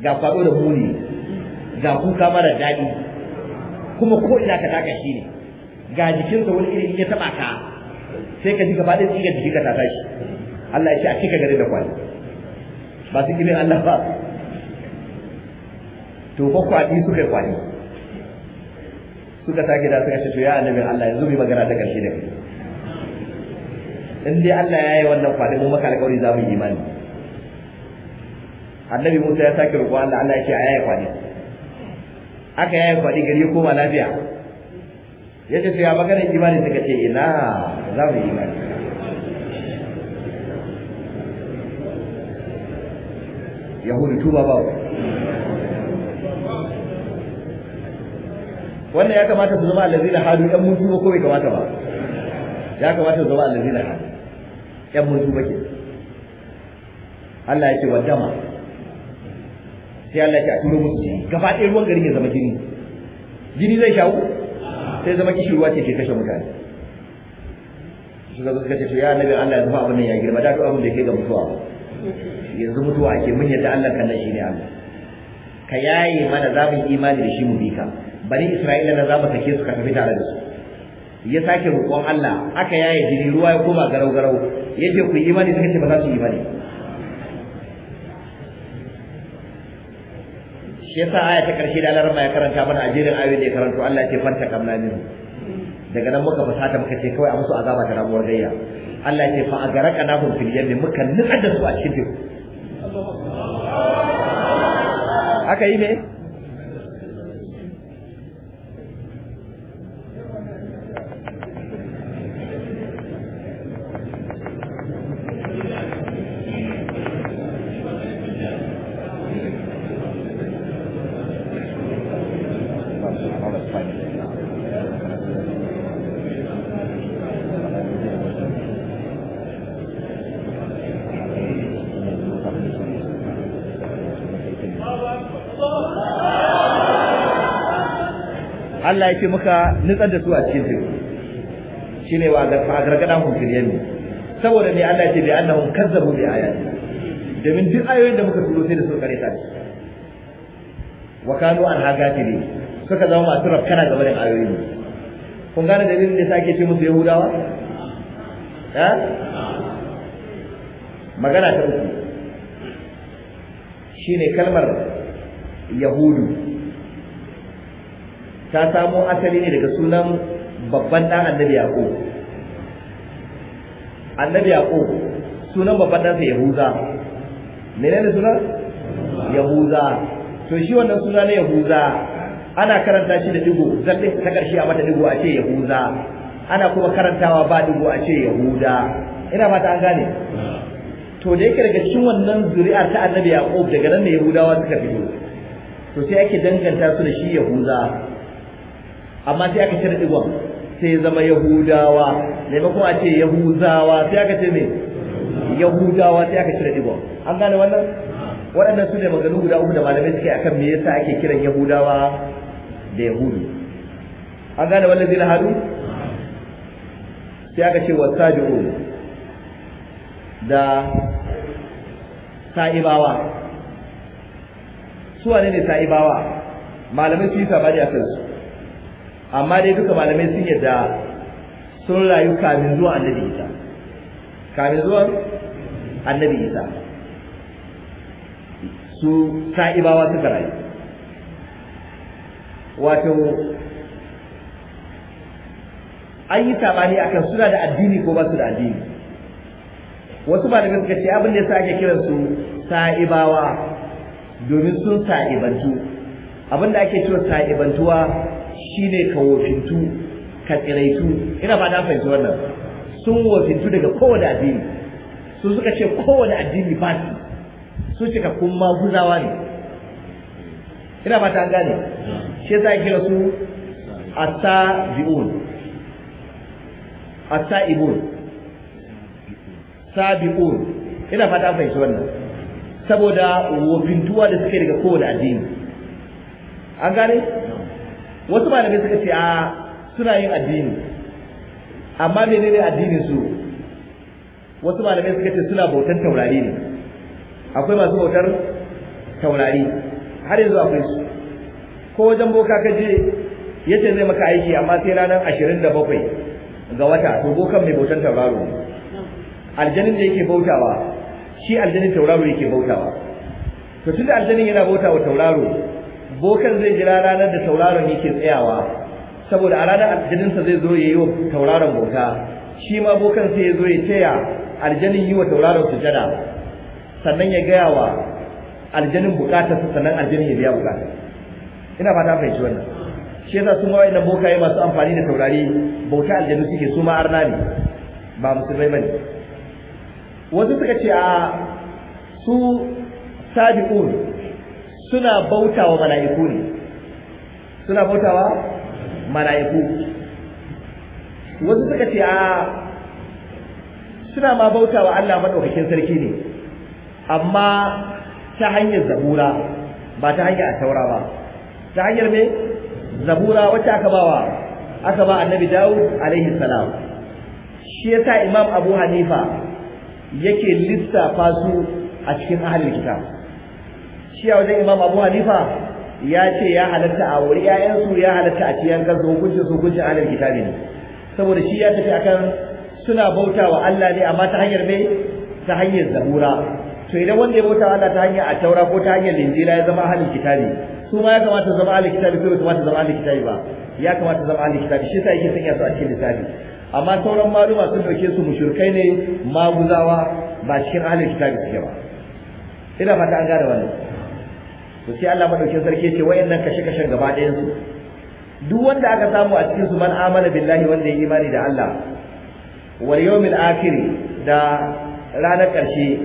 ga kwado da muni ga kuka mara daɗi kuma ko ina ka taka shi ne ga jikinsa wani irin ya taba ka sai ka ji gaba da tsiga jiki ka taka shi Allah ya ce a cika gare da kwali. ba su kimin Allah ba to fa kwali. suka yi kwali suka take da suka ce to ya annabi Allah yanzu bi magana ta karshe da kai in dai Allah ya yi wannan kwali mu maka alƙawari za mu yi imani annabi Musa ya sake roƙo Allah Allah ya ce a yaya kwali. aka yaya kwaɗi gari ya koma lafiya ya ce ya maganar imani suka ce ina za mu yi imani yahudu tuba ba wannan ya kamata su zama allazina hadu yan mun tuba ko bai kamata ba ya kamata su zama allazina hadu yan mun tuba ke Allah ya ce wa dama sai Allah ya turo musu jini gaba ɗaya ruwan garin ya zama jini jini zai shawo sai zama kishi ruwa ce ke kashe mutane suka zo suka ce to ya annabi Allah ya zama abin nan ya girma da abin da yake ga mutuwa yanzu mutuwa ake mun yadda Allah kan nan shine Allah ka yaye mana za mu imani da shi mu bi ka bani Isra'ila na zaba mu sake su ka tafi tare da su ya sake roƙon Allah aka yaye jini ruwa ya koma garau garau yace ku imani suka ce ba za su imani shi yasa aya ta karshe da Allah ya karanta mana a jerin ayoyin da ya karanto Allah ya ce fanta kamna min daga nan muka fasata muka ce kawai a musu azaba ta rabuwar gayya Allah ya ce fa agaraka nahum fil yammi muka nutsar da su a cikin teku aka yi ne yake muka nutsar da su a cikin teku ne wa a gargada hun ne saboda ne Allah yake bi annahum kazzabu bi ayati domin duk ayoyin da muka turo sai da su kare ta wa kanu an hagati ne suka zama masu rafkana game da ayoyin kun gane dalilin da sake ce musu yahudawa ha eh? magana ta uku shine kalmar yahudu ta samo asali ne daga sunan babban ɗan annabi yaƙo annabi yaƙo sunan babban ɗansa yahuza menene sunan yahuza to shi wannan suna na yahuza ana karanta shi da digo zan ta ƙarshe a mata digo a ce yahuza ana kuma karantawa ba digo a ce yahuda ina fata an gane to da yake daga cikin wannan zuri'a ta annabi yaqub daga nan ne yahudawa suka fito to sai ake danganta su da shi Yahuza. amma sai aka cire digon sai zama yahudawa maimakon a ce yahuzawa sai aka ce me yahudawa sai aka cire digon an gane wannan waɗannan su ne maganin guda uku da malamai suke akan me yasa ake kiran yahudawa da yahudu an gane wannan zai hadu sai aka ce wasa da sa'ibawa su wane ne sa'ibawa malamai su yi sabani a kansu amma dai duka malamai sun yadda sun rayu kamin zuwa annabi isa kamin zuwa annabi isa su sa'ibawa suka rayu wato an yi sabani akan suna da addini ko ba su da addini wasu malamai suka ce abin da sa ake kiran su sa'ibawa domin sun sa'ibantu abin da ake cewa sa'ibantuwa shine ka wofintu ka tsiraitu ina ba na fahimci wannan sun wofintu daga kowane addini su suka ce kowane addini ba su su ka kuma guzawa ne ina ba ta gane shi za kira su attabi'un ibun sabi'un ina fata fahimci wannan saboda wofintuwa da suke daga kowane addini an gane wasu malamai suka ce a suna yin addini amma menene addinin su wasu malamai suka ce suna bautar taurari ne akwai masu bautar taurari har yanzu akwai su ko wajen boka ka je yace zai maka aiki amma sai ranar ashirin da bakwai ga wata to bokan mai bautar tauraro ne aljanin da yake bautawa shi aljanin tauraro yake bautawa to tunda aljanin yana bautawa tauraro bokan zai jira ranar da tauraron yake tsayawa saboda a ranar aljaninsa zai zo ya yi wa tauraron bauta shi ma bokan sai ya zo ya taya aljanin yi wa tauraron sujada sannan ya gaya wa aljanin su sannan aljanin ya biya bukatar ina fata fahimci wannan shi yasa sun ma wayannan bokaye masu amfani da taurari bauta aljanu suke su ma arna ne ba musulmai bane wasu suka ce a su sabiqun suna bautawa mala'iku ne suna bautawa mala'iku wasu suka ce a suna ma bautawa Allah maɗaukakin sarki ne amma ta hanyar zabura ba ta hanyar a taura ba ta hanyar me zabura wacce aka bawa aka ba annabi Dawud alaihi salam shi yasa Imam Abu Hanifa yake lissafa su a cikin ahalin kitab shi a wajen imam abu hanifa ya ce ya halatta a wuri ƴaƴansu ya halatta a ciyan kansu hukuncin su hukuncin alal kitabi ne saboda shi ya tafi akan suna bauta wa Allah ne amma ta hanyar me ta hanyar zabura to idan wanda ya bauta Allah ta hanyar a taura ko ta hanyar linjila ya zama ahlul kitabi su ma ya kamata zama ahlul kitabi ko ba kamata zama ahlul kitabi ba ya kamata zama ahlul kitabi shi yasa yake sanya su a cikin lissafi amma sauran maluma sun dauke su mushrikai ne maguzawa ba cikin ahlul kitabi suke ba ina fata an gane wannan to sai Allah madaukin sarki ce wayannan kashe kashen gaba ɗayan su duk wanda aka samu a cikin su man amana billahi wanda ya imani da Allah wal yawmil akhir da ranar ƙarshe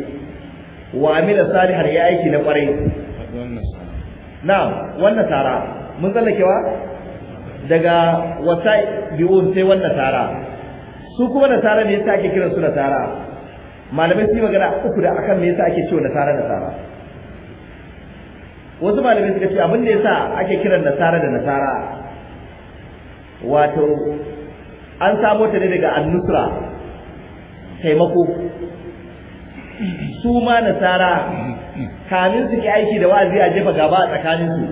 wa amila salihan ya aiki na kwarai? na wannan tara mun kewa daga wasai biyun sai wannan tara su kuma nasara ne yasa ake kiran su nasara malamai su yi magana uku da akan me yasa ake cewa nasara nasara wasu malamai suka ce abin da sa ake kiran nasara da nasara wato an samo ta ne daga annusra taimako su ma nasara kamin su ke aiki da wa'azi a jefa gaba a tsakaninsu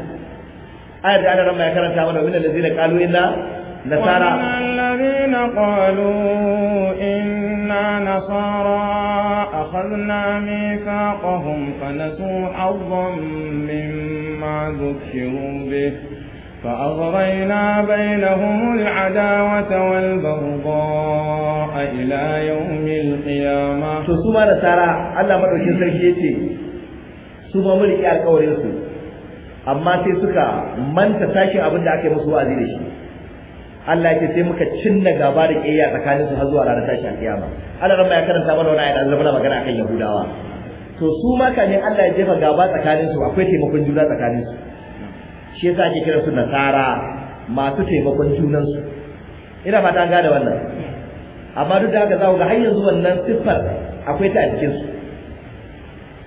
ayar da ana ya karanta mana min allazina kalu inna نصارى الذين قالوا إنا نصارى أخذنا ميثاقهم فنسوا حظا مما ذكروا به فأغرينا بينهم العداوة والبغضاء إلى يوم القيامة سوما نسارا الله مدرك سرشيتي سوما ملك القوريسو amma sai suka manta tashin abin da aka yi musu wa'azi da shi Allah ya ce sai muka cinna gaba da kiyaya tsakaninsu har zuwa ranar tashin kiyama Allah ran ya karanta mana wani ayat Allah magana akan Yahudawa to su ma ne Allah ya jefa gaba tsakaninsu akwai taimakon juna tsakaninsu shi yasa ake kira su nasara masu taimakon junansu ina fata an gane wannan amma duk da haka za ku ga har yanzu wannan siffar akwai ta a cikinsu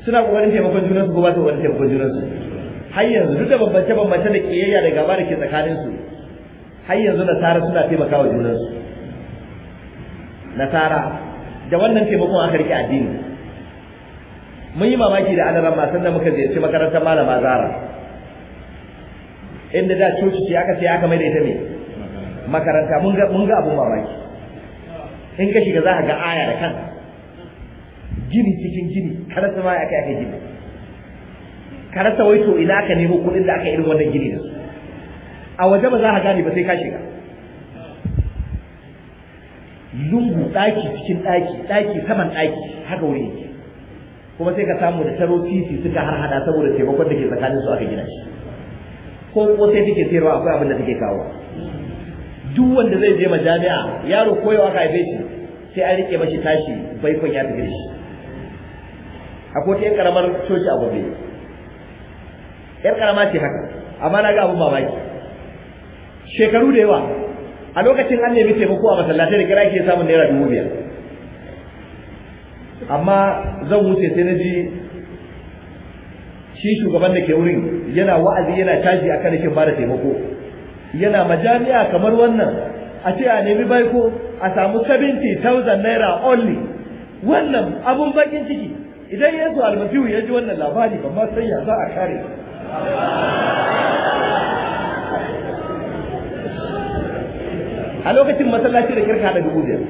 suna kokarin taimakon junansu ko ba su kokarin taimakon junansu har yanzu duk da bambance bambance da kiyayya da gaba da ke tsakaninsu har yanzu nasara suna taimakawa junansu nasara da wannan taimakon aka rike addini mun yi mamaki da adaran matan da muka ziyarci makarantar malama zara inda da coci ce aka ce aka mai da ita ne makaranta mun ga mun abun mamaki in ka shiga za ka ga aya da kan gini cikin gini karasa ma aka aka gini karasa wai to ina ka nemo kuɗin da aka irin wannan gini da su a waje ba za ka gane ba sai ka shiga lungu ɗaki cikin ɗaki ɗaki saman ɗaki haka wuri yake kuma sai ka samu da taro titi suka har hada saboda taimakon da ke tsakanin su aka gina shi ko ko sai take sayarwa akwai abin da take kawo duk wanda zai je majami'a yaro koyo aka haife shi sai an rike mashi tashi baikon ya tafi shi akwai ta karamar coci a gobe yar karama ce haka amma na ga abin mamaki shekaru da yawa a lokacin an nemi taimako a masallatai da kira ke samun naira dubu biyar amma zan wuce sai na ji shi shugaban da ke wurin yana wa'azi yana caji a kan rikin bada taimako yana majami'a kamar wannan a ce a nemi baiko a samu 70,000 naira only wannan abun bakin ciki idan ya almasihu ya ji wannan labari ba ma sai ya za a kare a lokacin masallaci da kirka da dubu biyar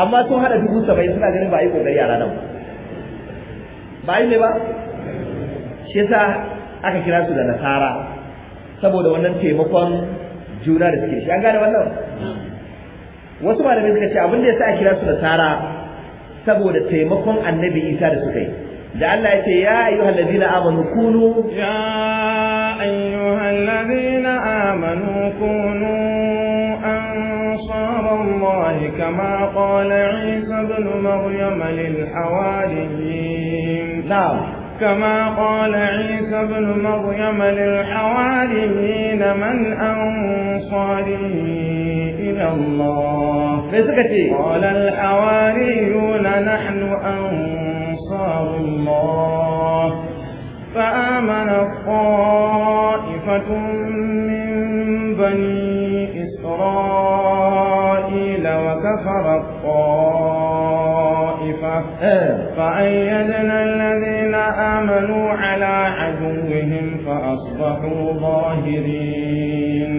amma sun hada dubu saba'in suna ganin ba a yi kokari a ranar ba yi ne ba shi yasa aka kira su da nasara saboda wannan taimakon juna da suke shi an gane wannan wasu malamai suka ce abin da yasa a kira su nasara saboda taimakon annabi isa da suka yi da Allah ya ce ya ayyuhal ladina amanu kunu ya ayyuhal ladina amanu kunu الله كما قال عيسى بن مريم للحواريين نعم كما قال عيسى بن مريم للحواريين من أنصاري إلى الله قال الحواريون نحن أنصار الله فآمن الطائفة من بني إسرائيل كفر الطائفة فأيدنا الذين آمنوا على عدوهم فأصبحوا ظاهرين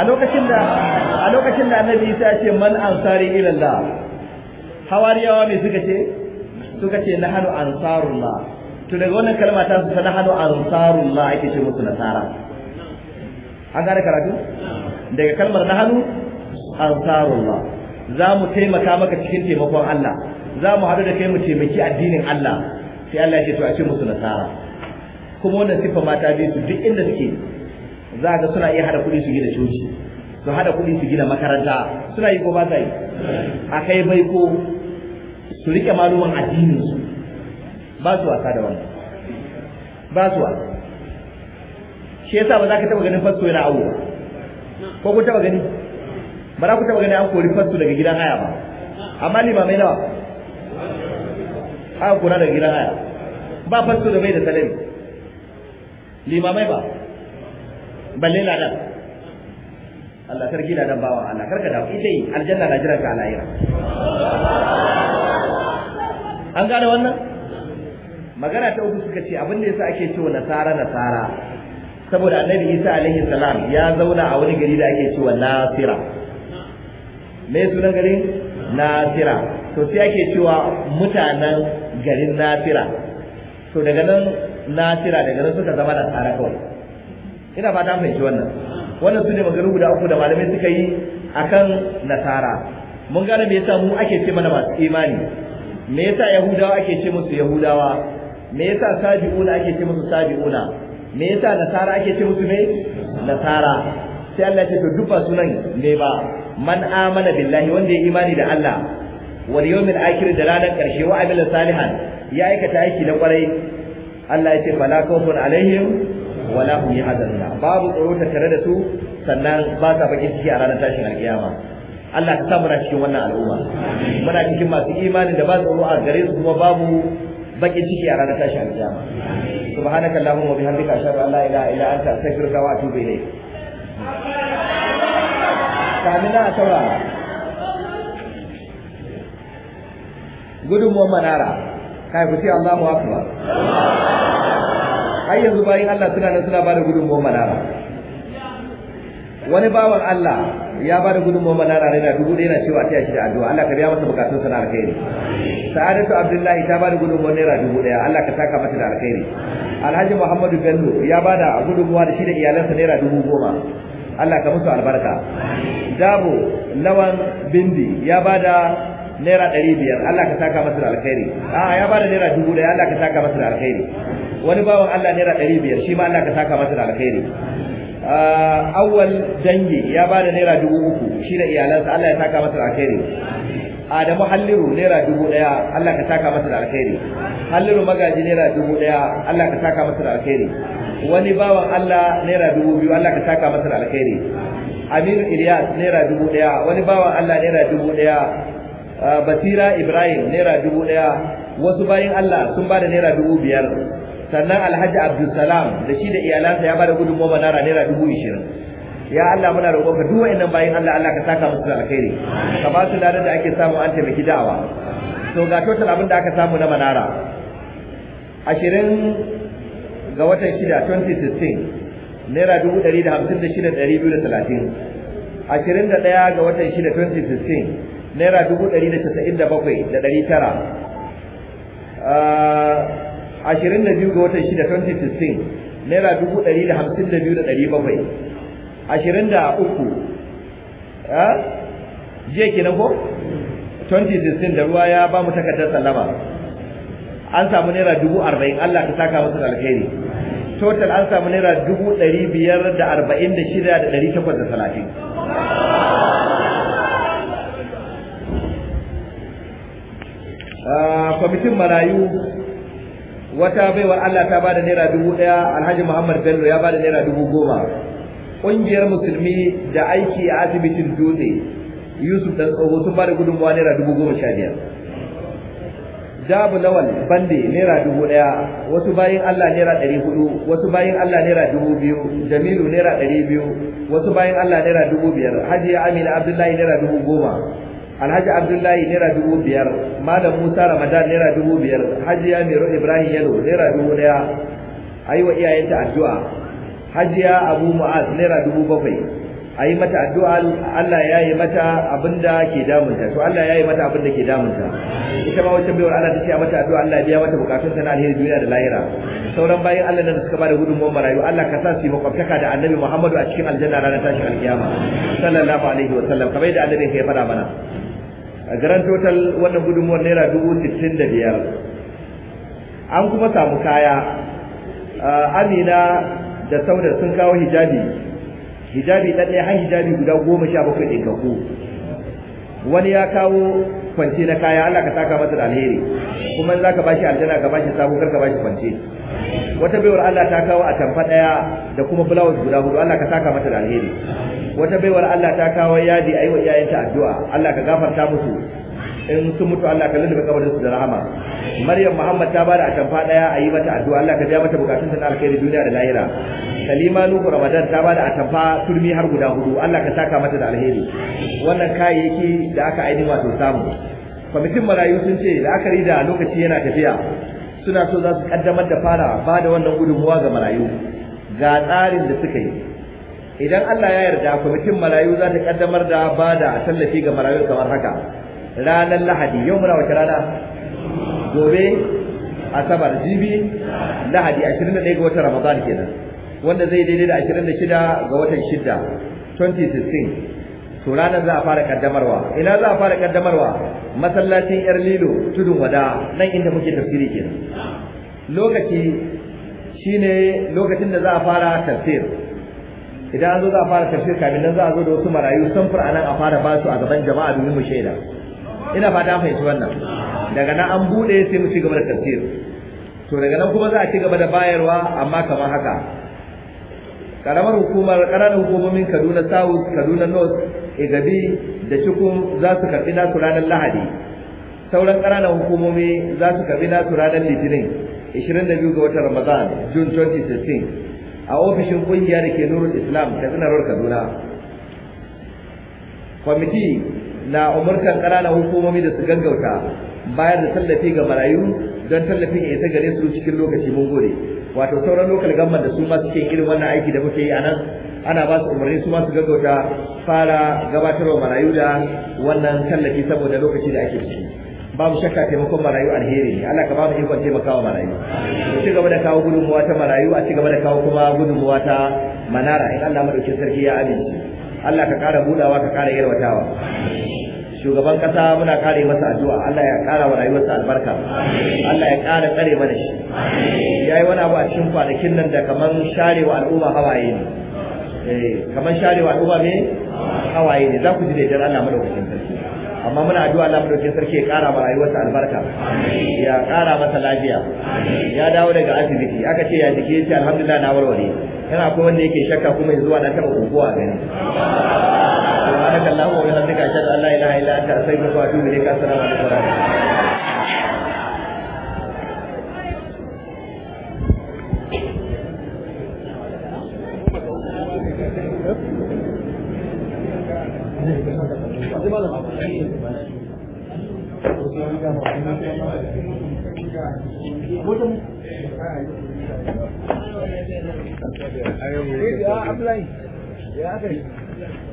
a lokacin da a lokacin da annabi Isa ya ce man ansari ila Allah hawariyawa me suka ce suka ce nahnu ansarullah to daga wannan kalma ta su fa nahnu ansarullah ake ce musu nasara an gane karatu daga kalmar nahnu ansarullah za mu taimaka maka cikin taimakon Allah za mu haɗu da kai mu taimaki addinin Allah sai Allah ya ce to a ce musu nasara kuma wannan sifa mata bi su duk inda suke za ga suna iya hada kuɗi su gina coci su hada kuɗi su gina makaranta suna yi ko ba sa yi a kai bai ko su rike maluman addinin su ba su wasa da wannan ba su wasa shi yasa ba za ka taɓa ganin fasto yana awo ko ku taɓa gani ba za ku taɓa gani an kori fasto daga gidan haya ba amma limamai nawa aka kora daga gidan haya ba fasto da bai da Salim. limamai ba balle ladan Allah sarki ladan bawa Allah karka da ita yi aljanna na jiran ka a lahira an gane wannan magana ta uku suka ce abin da yasa ake cewa nasara nasara saboda annabi isa alaihi salam ya zauna a wani gari da ake cewa nasira me sunan garin nasira to sai ake cewa mutanen garin nasira to daga nan nasira daga nan suka zama da tsara kawai ina fata fahimci wannan wannan su ne maganganu guda uku da malamai suka yi akan nasara mun gane me yasa mu ake ce mana masu imani me yasa yahudawa ake ce musu yahudawa me yasa sabi'una ake ce musu sabi'una me yasa nasara ake ce musu me nasara sai Allah ya to duk sunan me ba man amana billahi wanda ya imani da Allah wal yawmil akhir da ranar karshe wa amila salihan ya aikata aiki na kwarai Allah ya ce fala khawfun alaihim wala hum yahzanuna babu tsoro ta tare da su sannan ba ta bakin ciki a ranar tashin alkiyama Allah ta samu cikin wannan al'umma muna cikin masu imani da ba tsoro a gare su kuma babu bakin ciki a ranar tashin alkiyama subhanakallahumma wa bihamdika ashhadu an la ilaha illa anta astaghfiruka wa atubu ilayk kamina a saurara gudunmuwan manara kai ku mu Allahu akbar har yanzu bayan Allah suna nan suna bada gudunmuwan manara wani bawan Allah ya bada gudunmuwan manara ne na dubu ɗaya na cewa ta shi da addu'a Allah ka biya masa bukatun sana alkhairi sa'adatu abdullahi ta bada gudunmuwan naira dubu ɗaya Allah ka saka mata da alkhairi alhaji muhammadu bello ya bada gudunmuwa da shi da iyalansa naira dubu goma Allah ka musu albarka dabo lawan bindi ya bada naira ɗari biyar Allah ka saka masa alkhairi a ya bada naira dubu ɗaya Allah ka saka masa alkhairi wani bawan Allah naira ɗari biyar shi ma Allah ka saka masa da alkhairi awwal dangi ya bada naira dubu uku shi da iyalansa Allah ya saka masa alkhairi Adamu Halliru naira dubu ɗaya Allah ka taka masa da alkhairi Halliru magaji naira dubu ɗaya Allah ka taka masa da alkhairi wani bawan Allah naira dubu biyu Allah ka taka masa da alkhairi Aminu Ilyas naira dubu ɗaya wani bawan Allah naira dubu ɗaya ah, Basira Ibrahim naira dubu ɗaya wasu bayin Allah sun ba da naira dubu biyar sannan Alhaji Abdulsalam da shi da iyalansa ya ba da gudunmawa naira naira dubu ishirin ya Allah muna roƙon ka duk wa'annan bayin Allah Allah ka saka musu da alkhairi ka ba su ladan da ake samu an taimaki da'awa to ga total abin da aka samu na manara 20 ga watan shida 2016 naira dubu ɗari da hamsin da shida ɗari biyu da talatin ashirin da ɗaya ga watan shida 2016 naira dubu ɗari da casa'in da bakwai da ɗari tara ah, ashirin da biyu ga watan shida 2016 naira dubu ɗari da hamsin da biyu da ɗari bakwai ashirin da uku jiya na ko 2016 da ruwa ya ba mu takardar sallama an samu naira dubu arba'in Allah ka saka musu alkhairi total an samu naira dubu ɗari biyar da arba'in da shida da ɗari takwas da talatin ah, kwamitin marayu wata baiwar Allah ta ba da naira dubu ɗaya alhaji Muhammad Bello ya ba da naira dubu goma ƙungiyar musulmi da aiki a asibitin dutse yusuf dan tsoho sun ba da gudunmawa naira dubu goma sha biyar jabu lawal bande naira dubu ɗaya wasu bayin allah naira ɗari hudu wasu bayin allah naira dubu biyu jamilu naira ɗari biyu wasu bayin allah naira dubu biyar hajiya amina abdullahi naira dubu goma alhaji abdullahi naira dubu biyar malam musa ramadan naira dubu biyar hajiya Mero ibrahim yalo naira dubu ɗaya a yi wa iyayenta addu'a hajiya abu mu'az naira dubu bakwai a yi mata addu'a Allah ya yi mata abin da ke damunta to Allah ya yi mata abin da ke damunta ita ma wacce baiwar Allah ta ce a mata addu'a Allah ya biya mata bukatunta na alheri duniya da lahira sauran bayan Allah nan suka bada gudunmuwar marayu Allah ka sa su yi makwabtaka da annabi Muhammadu a cikin aljanna ranar tashin alkiyama sallallahu alaihi wa sallam kamar yadda annabi ya fara mana a garan total wannan gudunmuwar naira dubu sittin da biyar an kuma samu kaya Amina da sauda sun kawo hijabi hijabi da ɗaya har hijabi guda goma sha bakwai ɗin wani ya kawo kwance na kaya Allah ka saka masa da alheri kuma za ka bashi aljanna ka bashi sabo kar ka bashi kwance wata baiwar Allah ta kawo a tamfa ɗaya da kuma blouse guda hudu Allah ka saka masa da alheri wata baiwar Allah ta kawo yadi ayi wa iyayenta addu'a Allah ka gafarta musu in sun mutu Allah ka lullube kabarin su da rahama Maryam Muhammad ta bada atamfa daya a yi mata addu'a Allah ka biya mata bukatun ta na alkhairi duniya da lahira Salima Nuhu Ramadan ta bada atamfa turmi har guda hudu Allah ka saka mata da alheri wannan kayayyaki da aka aini wato samu kwamitin marayu sun ce la'akari da lokaci yana tafiya suna so za su kaddamar da fara ba da wannan gudunmuwa ga marayu ga tsarin da suka yi idan Allah ya yarda kwamitin marayu za ta kaddamar da ba da tallafi ga marayu kamar haka ranar lahadi yau muna wace rana gobe asabar jibi lahadi 21 ga watan ramadan kenan wanda zai daidai da 26 ga watan 6 2016 to ranar za a fara kaddamarwa ina za a fara kaddamarwa masallacin yar lilo tudun wada nan inda muke tafsiri kenan lokaci shine lokacin da za a fara tafsir idan an zo za a fara tafsir kamin nan za a zo da wasu marayu samfur a nan a fara basu a gaban jama'a domin mu shaida ina fata fahimci wannan daga nan an bude sai mu ci gaba da tafsir to daga nan kuma za a ci gaba da bayarwa amma kamar haka karamar hukumar ƙananan hukumomin kaduna south kaduna north igabi da cikin za su karɓi nasu ranar lahadi sauran ƙananan hukumomi za su karɓi nasu ranar litinin 22 ga watan ramadan june 2016 a ofishin ƙungiya da ke nurul islam ta kaduna kwamiti na umurkan ƙananan hukumomi da su gaggauta bayar da tallafi ga marayu don tallafi ya ta gare su cikin lokaci mun gode wato sauran local government da su ma suke irin wannan aiki da muke yi a nan ana ba su umarni su ma su gaggauta fara gabatarwa marayu da wannan tallafi saboda lokaci da ake ciki babu shakka taimakon marayu alheri ne Allah ka ba mu ikon taimakawa marayu mu ci gaba da kawo gudunmuwa ta marayu a ci gaba da kawo kuma gudunmuwa ta manara in Allah madaukin sarki ya amince Allah ka ƙara budawa ka ƙara yarwatawa shugaban kasa muna kare masa addu'a Allah ya kara wa rayuwarsa albarka Allah ya kara tsare mana shi yayi wani abu a cikin kwanakin nan da kaman sharewa al'umma hawaye ne eh kaman sharewa al'umma ne hawaye ne za ku ji da Allah madaukakin sarki amma muna addu'a Allah madaukakin sarki ya kara ma rayuwarsa albarka ya kara masa lafiya ya dawo daga asibiti aka ce ya jike yace alhamdulillah na warware yana akwai wanda yake shakka kuma yanzu na taba kokowa a gani subhanakallahumma wa bihamdika ashhadu an la ilaha illa anta astaghfiruka wa atubu ilaik assalamu alaikum ya